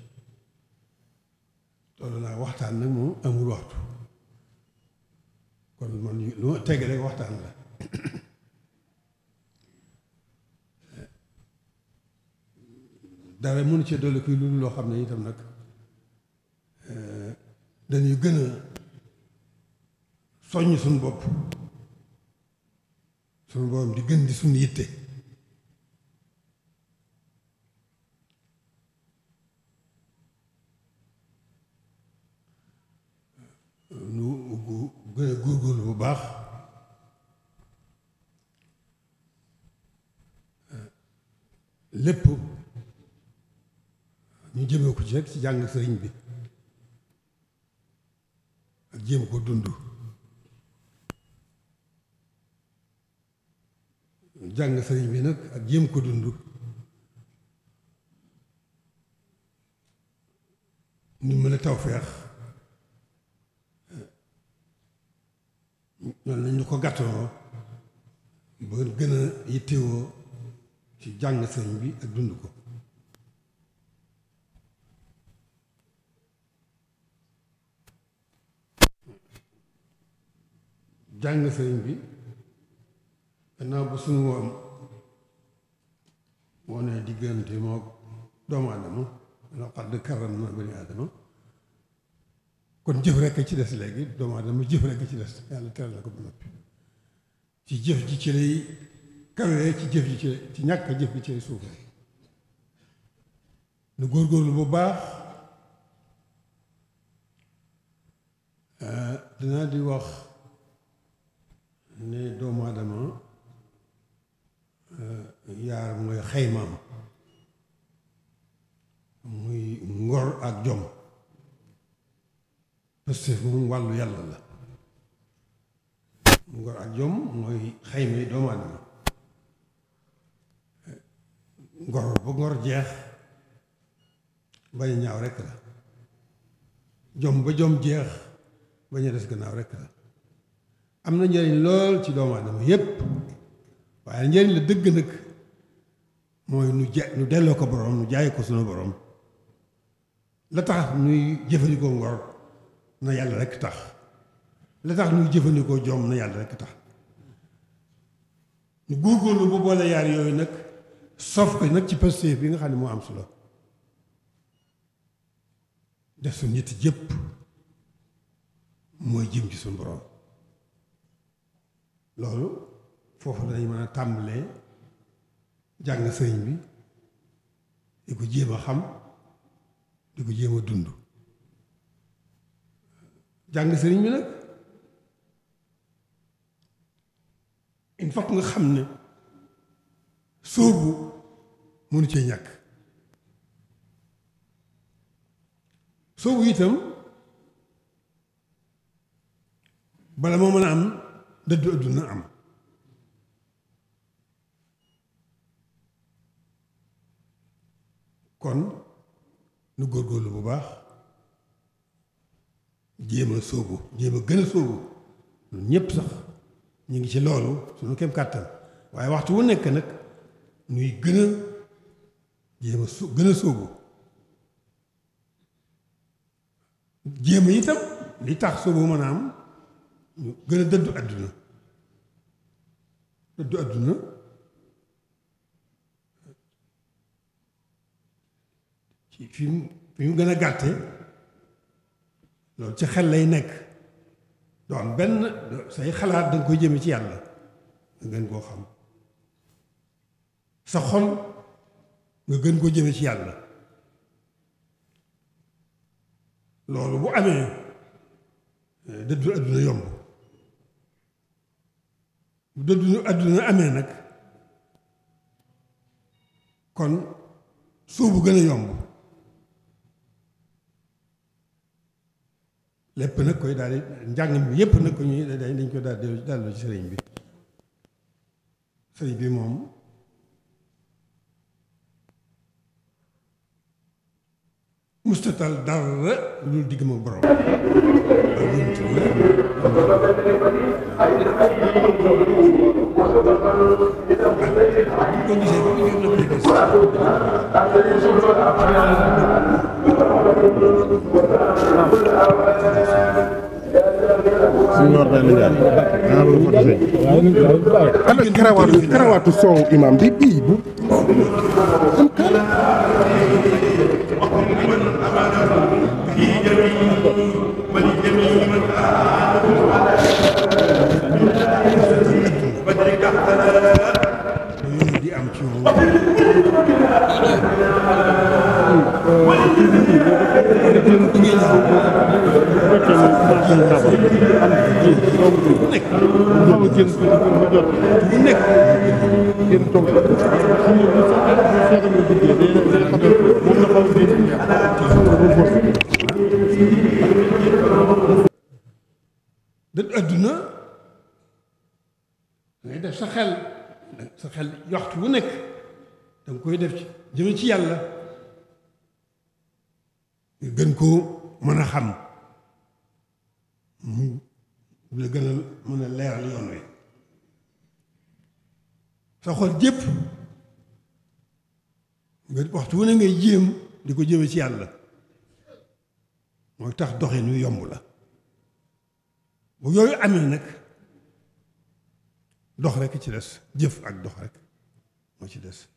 S5: loolu naa waxtaan na mu amul waxtu kon man lu tegale waxtaan la dara mënu cee dolli lu loolu loo xam ne itam nag eh, dañuy gën a soññ suñu bopp suñu borom di gën di suñu yitte nu gën a góorgóorlu bu baax eh, lépp ñu jëmee ko ci rek ci jàng sëriñ bi ak jéem ko dund jàng sëriñ bi nag ak jéem ko dund ñu mën a tawfeex ñoom nañ ñu ko gàttaloo ba gën a yittewoo ci jàng sëriñ bi ak dund ko jàng sëriñ bi gannaaw ba suñu woom moo ne diggante moo doomu aadama laqad karramnaa banii aadama kon jëf rekk ci des léegi doomu aadama jëf rekk ci des yàlla teral na ko ba noppi ci jëf ji ci lay kawee ci jëf ji ci ci ñàkk jëf ji ci lay suufee nu góorgóorlu bu baax danaa di wax ne doomu adama euh, yaar mooy xaymaam muy ngor ak jom pëstëf moom wàllu yàlla la ngor ak jom mooy xayme doomu adama ngor ba ngor jeex bañ a ñaaw rekk la jom ba jom jeex bañ a des gannaaw rekk la am na njëriñ lool ci doomu aadama yépp waaye njëriñ la dëgg nag mooy nu ja nu delloo ko boroom nu jaay ko sunu borom la tax nuy jëfandikoo ngor na yàlla rekk tax la tax nuy jëfandikoo jom na yàlla rekk tax nu góorgóorlu bu boole yaar yooyu nag sof ko nag ci pastéef bi nga xam ne moo am solo def suñu ñetti jëpp mooy jëm ci suñu boroom loolu foofu lañ mën a tàmbalee jàng sëriñ bi di ko jéem xam di ko jéem dund jàng sëriñ bi nag il faut nga xam ne soobu mënu ci ñàkk sóobu itam bala moo mën a am dëddu àdduna am kon nu góor góorgóorlu bu baax jéem a sóobu jéem a gën a sóobu ñun ñëpp sax ñu ngi ci loolu suñu kem kàttan waaye waxtu wu nekk nag nuy gën a jéem su gën a sóobu jéem a itam li tax sóobu mën a am gën a dëddu àdduna dëddu àdduna ci fi mu fi mu gën a gàtte loolu ci xel lay nekk doo am benn say xalaat danga koy jëme ci yàlla nga gën koo xam sa xol nga gën koo jëme ci yàlla loolu bu amee dëddu àdduna yomb dëddu àdduna amee nag kon suubu gën a yomb lépp nag koy daal di njàng mi yépp nag ko ñuy dañ koy daal di delloo ci sëriñ bi sëriñ bi moom mustatal dara lu digg ma borom وتبدل لبني حيث حيه وسبقا الى بيت
S1: الحديث واتوبا حتى يشوف الاعمال وتعلم كل اعمال
S2: suñu noor daal la jaay. karawaatu karawaatu soowu imaam bi bii bu. am kaala.
S4: culturaux.
S5: da adduna ngay def sa xel waxtu wu nekk danga koy def ci jëme ci yàlla nga gën koo mën a xam mu la gën a mën a leeral yoon wi sa xol jépp nga waxtu wu ne ngay jéem di ko jëme ci yàlla mooy tax doxin wi yomb la bu yooyu amee nag dox rekk ci des jëf ak dox rekk moo ci des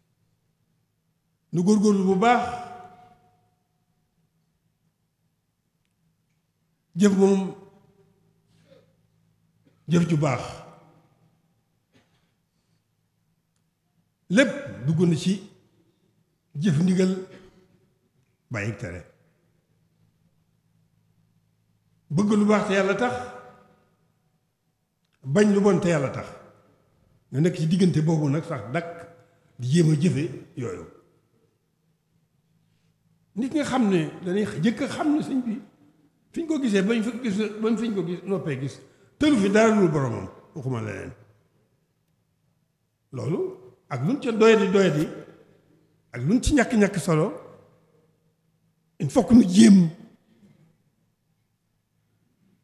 S5: nu góorgóorlu bu baax jëf moom jëf ju baax lépp dugg na ci jëf ndigal bàyyi tere bëgg lu baax te yàlla tax bañ lu bon te yàlla tax nga nekk ci diggante boobu nag sax dakk di jéem a jëfe yooyu nit nga xam ne dañuy jëkk a xam ne sëñ bi fi ñu ko gisee bañ fa gis bañ fi ñu ko gis noppee gis tëlu fi dara lu boromam waxuma leneen loolu ak luñ ca doyati doyati ak luñ ci ñàkk-ñàkk solo il faut que nu jéem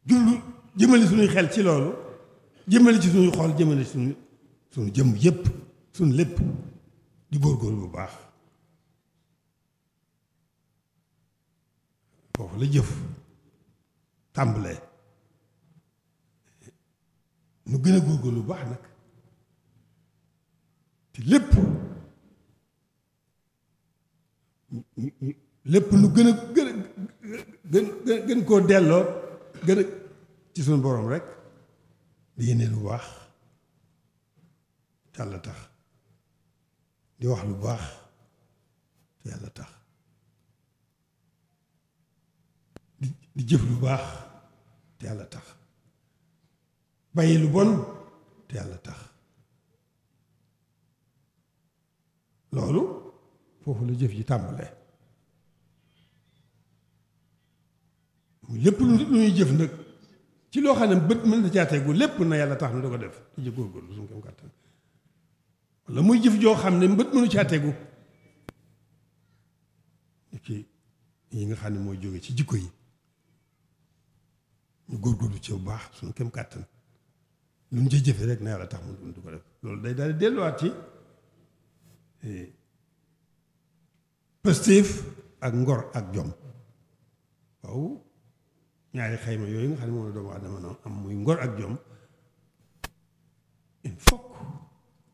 S5: jullu jëmale suñuy xel ci loolu jëmale ci suñuy xool jëmale suñu suñu jëm yépp suñu lépp di góorgóorlu bu baax foofu la jëf tàmbalee nu gën a góorgóorlu bu baax nag te lépp lépp nu gën a gën a gën gën koo delloo gën a ci suñu boroom rek di yéene lu baax tàll tax di wax lu baax te yàlla tax di di jëf lu baax te yàlla tax bàyyi lu bon te yàlla tax loolu foofu la jëf yi tàmbalee lépp lu ñuy jëf nag ci loo xam ne bët mën na jaateegu lépp na yàlla tax na du ko def di jëf góorgóorlu suñu kam kàttan la muy jëf joo xam ne mbët mënu caa tegu ki yi nga xam ne mooy jóge ci jikko yi ñu góorgóorlu ci bu baax suñu kem kàttan lu ñu jëfe rek na yàlla tax mu du ko def loolu day daal di delluwaat ci eh, pëstéef ak ngor ak jom waaw ñaari xayma yooyu nga xam ne moom la doomu adama am muy ngor ak jom il faut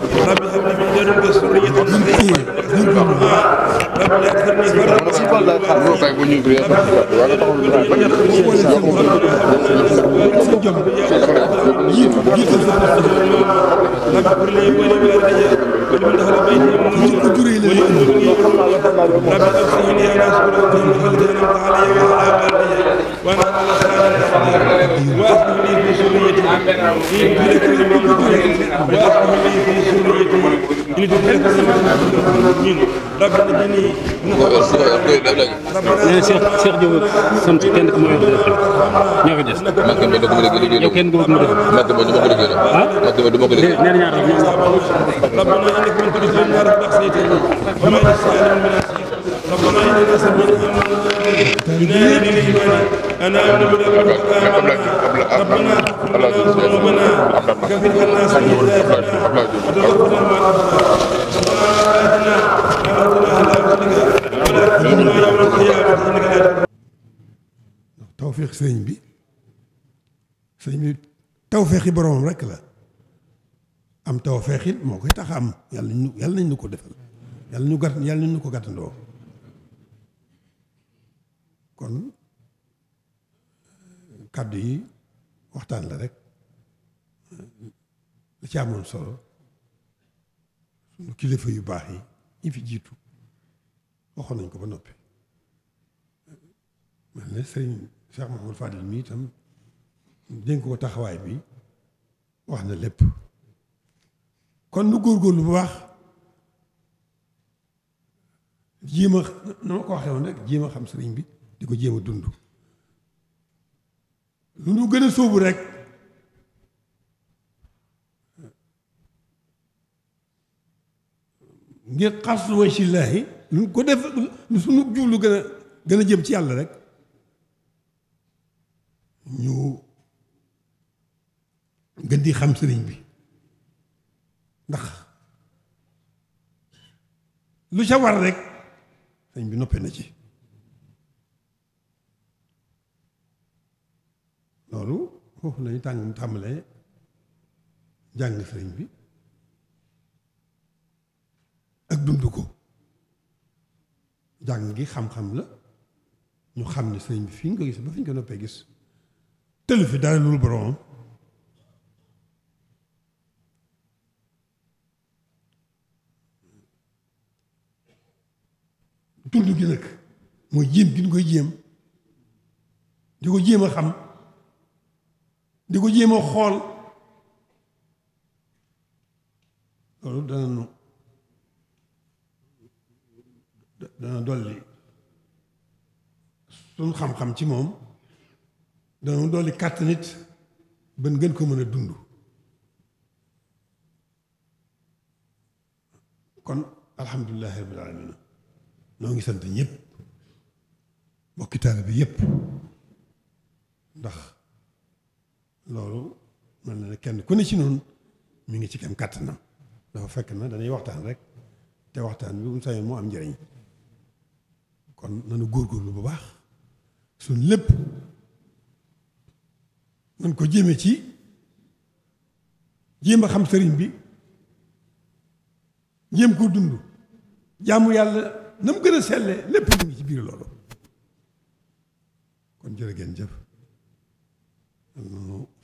S1: رب
S4: هب لي من لدنك ذرية طيبة رب اكثر لي
S1: فرحا رب اغفر لي ولوالدي ولمن دخل بيتي رب اوصيني ان اشكر نعمتك التي انعمت علي وعلى والدي وانا على خير واصلح لي في ذريتي انك لمن واصلح لي في nee na Cheikh Cheikh Diop sant kenn ku ma yor
S2: ñoo fi des. yow kenn ku ma ko liggéeyal. ah nee na
S1: ñaar rek. allah
S5: tawféex sëñ bi sëñ bi tawféexi boromam rek la am tawféex it moo koy tax am yàlla ñu nañ ñu ko defal yàlla ñu gàtt nañ ñu ko gàttandoo kon kàddu yi. waxtaan la rek la ci amoon solo sunu kilifa yu baax yi ñi fi jiitu waxoon nañ ko ba noppi man ne sëriñ Cheikh Mouhamadou Fadil mi tam dénk ko taxawaay bi wax na lépp kon nu góorgóorlu bu baax jéem a na ma ko waxee woon rek jéem a xam sëriñ bi di ko jéem a dund lu nu gën a sóobu rek ngir xaslu wajhillaahi lu ko def lu sunu jublu gën a gën a jëm ci yàlla rek ñu gën di xam sëriñ bi ndax lu ca war rek sëriñ bi noppee na ci loolu foofu lañu tàng tàmbalee jàng sëriñ bi ak dund ko jàng gi xam-xam la ñu xam ni sëriñ bi fi ñu ko gis ba fi ñu noppee gis tëll fi dara lul boromam dund gi nag mooy jéem gi ñu koy jéem di ko jéem a xam di ko jéem xool loolu dana nu dana dolli suñ xam-xam ci moom dana dolli kàtt nit ban gën ko mën a dund kon alhamdulilahi rabbil alamin noo ngi sant ñëpp mbokki taalibe bi yépp ndax loolu mel na ne kenn ku ne ci noonu mu ngi ci kem kàttanam dafa fekk na dañuy waxtaan rek te waxtaan bi bu mu sañoon moo am njëriñ kon góor góorgóorlu bu baax suñ lépp nan ko jéeme ci jéem a xam sëriñ bi jéem koo dund jaamu yàlla na mu gën a selle lépp mu ngi ci biir loolu kon jërë ngeen jëf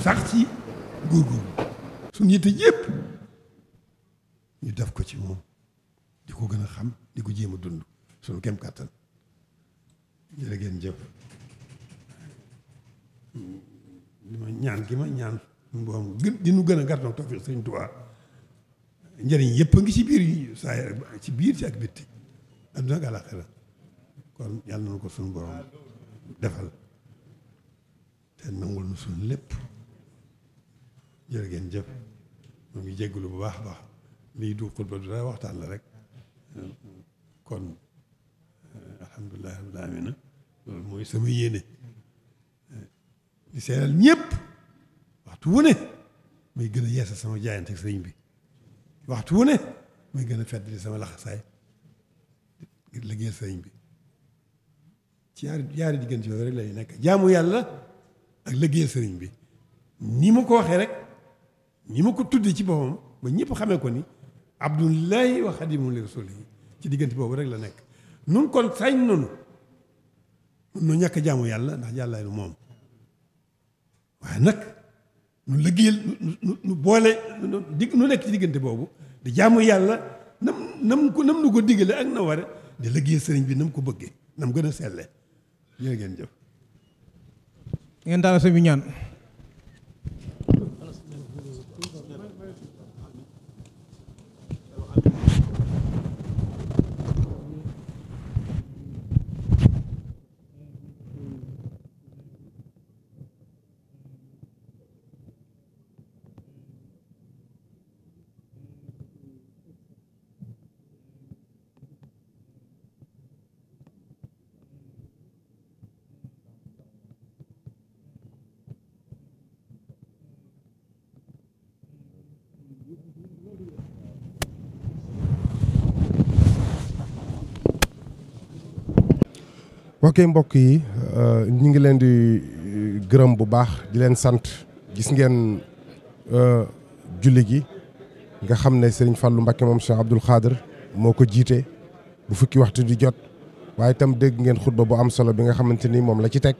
S5: sax ci góorgóorlu suñu yitte yépp ñu def ko ci moom di ko gën a xam di ko jéem a dund suñu kem kàttan jërë ngeen jëf li ñaan gi ma ñaan nu gën a gàttal tawfiq Sëriñ Tuubaa yëpp a ngi ci biir saa ci biir ci ak bitti adduna ak àllaaxira kon yàlla na ko suñu borom defal te nangul nu suñu lépp jërë ngeen jëf mu ngi jégalu bu baax baax lii du xutba du dara waxtaan la rek kon alhamdulilah la aalamiina loolu mooy sama yéene di seeral ñëpp waxtu wu ne may gën a yeesal sama jaayante ak sëriñ bi waxtu wu ne may gën a fedd di sama laxasaay liggéeyal sëriñ bi ci yaari yaari diggante yooyu rek lay nekk jaamu yàlla ak liggéeyal sëriñ bi ni ma ko waxee rek. ñi ma ko tuddee ci boppam ba ñëpp xamee ko ni abdullahi wa xadimu li rasuli ci diggante boobu rek la nekk nun kon sañ nonu mun nu ñàkk jaamu yàlla ndax yàlla lu moom waaye nag nu liggéeyal nu boole dig nu nekk ci diggante boobu di jaamu yàlla nam nam ko nam nu ko diggale ak na ware di liggéeyal sëriñ bi nam ko bëggee nam gën a selle jërë ngeen jëf
S3: ngeen daal sa bi ñaan
S2: ok mbokk yi euh, ñu ngi leen di euh, gërëm bu baax di leen sant gis ngeen euh, julli gi nga xam ne sëriñ Fallou Mbacké moom Cheikh Abdoul Khader moo ko jiite bu fukki waxtu di jot waaye itam dégg ngeen xutba bu am solo bi nga xamante ni moom la ci teg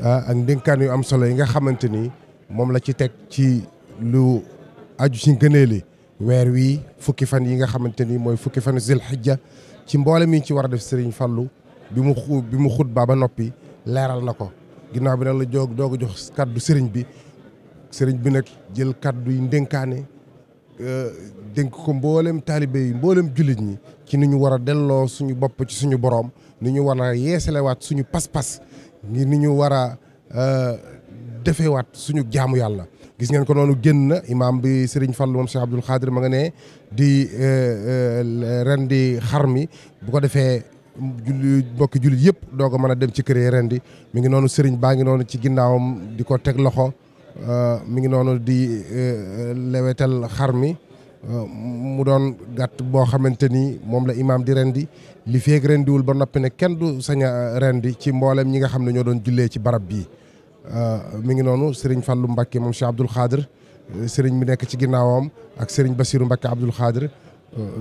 S2: ah, ak ndénkaan yu am solo yi nga xamante ni moom la ci teg ci lu aju ci ngëneeli weer wii fukki fan yi nga xamante ni mooy fukki fanu zil xijja ci mboolem yi ci war a def sëriñ Fallou bi mu xu bi mu xut baa ba noppi leeral na ko ginnaaw bi nag la joog doog a jox kaddu sëriñ bi sëriñ bi nag jël kàddu yi ndénkaane euh, dénk ko mboolem taalibe yi mboolem jullit ñi ci ni ñu war a delloo suñu bopp ci suñu boroom ni ñu war a yeesalewaat suñu pas-pas ngir ni ñu war a euh, defewaat suñu jaamu yàlla gis ngeen ko noonu génn na imaam bi Serigne Fall moom Cheikh Abdoul Khadir ma nga ne di euh, ren di xar mi bu ko defee julli mbokki jullit yëpp doo ko mën a dem ci kër yi ren di mi ngi noonu sëriñ baa ngi noonu ci ginnaawam di ko teg loxo euh, mi ngi noonu di euh, lewetal xar mi euh, mu doon gàtt boo xamante ni moom la imaam di rendi li feeg rendiwul ba noppi ne kenn du sañ a rendi ci mboolem ñi nga xam ne ñoo doon jullee ci barab bii mu ngi noonu sëriñ lu mbakki moom Cheikh Abdoul Khadr sëriñ bi nekk ci ginnaawam ak sëriñ Bassirou Mbacké Abdoul Khadr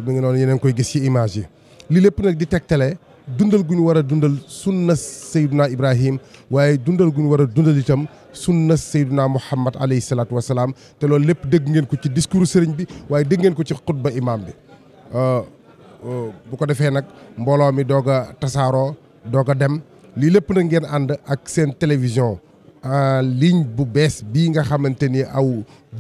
S2: mi ngi noonu yeneen koy gis ci image yi lii lépp nag di tegtale dundal gu ñu war a dundal sunna Seyduna Ibrahim waaye dundal gu ñu war a dundal itam sunna Seyduna Muhammad alayhi salaatu wa salaam te loolu lépp dégg ngeen ko ci discours sëriñ bi waaye dégg ngeen ko ci xutba imaam bi. Euh, euh, bu ko defee nag mbooloo mi doog a tasaaroo doog a dem lii lépp nag ngeen ànd ak seen télévision. ligne bu bees bii nga xamante ni aw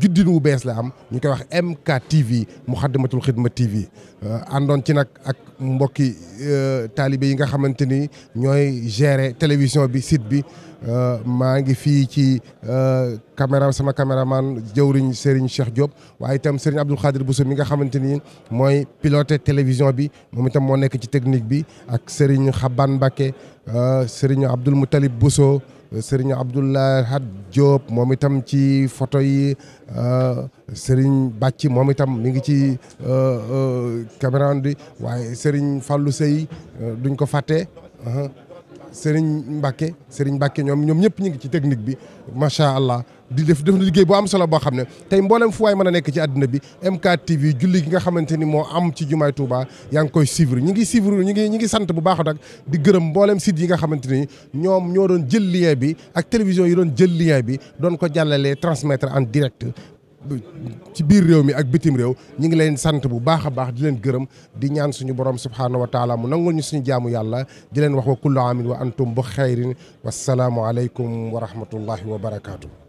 S2: juddin wu bees la am ñu koy wax MKTV Muxaddamatul Xidma TV euh, àndoon ci nag ak mbokki euh, taalibe yi nga xamante ni ñooy gérer télévision bi site bi euh, maa ngi fii ci caméra sama man jëwriñ Serigne Cheikh Diop waaye itam Serigne Abdoul Khadir Bousso mi nga xamante ni mooy piloté télévision bi moom itam moo nekk ci technique bi ak Serigne Xaban Mbacké Serigne Abdoul Moutalib Bousso Serigne Abdoulaye Had Diop moom itam ci photo yi euh, Serigne Bàcci moom itam mi ngi ci euh, euh, caméra bi waaye Serigne Fallou Sey duñ ko fàtte uh-huh. Serigne Mbacke Serigne Mbacke ñoom ñoom ñëpp ñu ngi ci technique bi macha allah. di def def liggéey boo am solo boo xam ne tey mboolem fu waay mën a nekk ci àdduna bi MK TV julli gi nga xamante moo am ci jumaay Touba yaa ngi koy suivre ñi ngi suivre ñi ngi ñi ngi sant bu baax nag di gërëm mboolem site yi nga xamante ni ñoom ñoo doon jël lien bi ak télévision yi doon jël lien bi doon ko jàllalee transmettre en direct ci biir réew mi ak bitim réew ñu ngi leen sant bu baax a baax di leen gërëm di ñaan suñu borom subhaanahu wa taala mu nangul ñu suñu jaamu yàlla di leen wax wa kullu amin wa antum bu xayrin wasalaamu aleykum wa rahmatullahi wa barakaatu.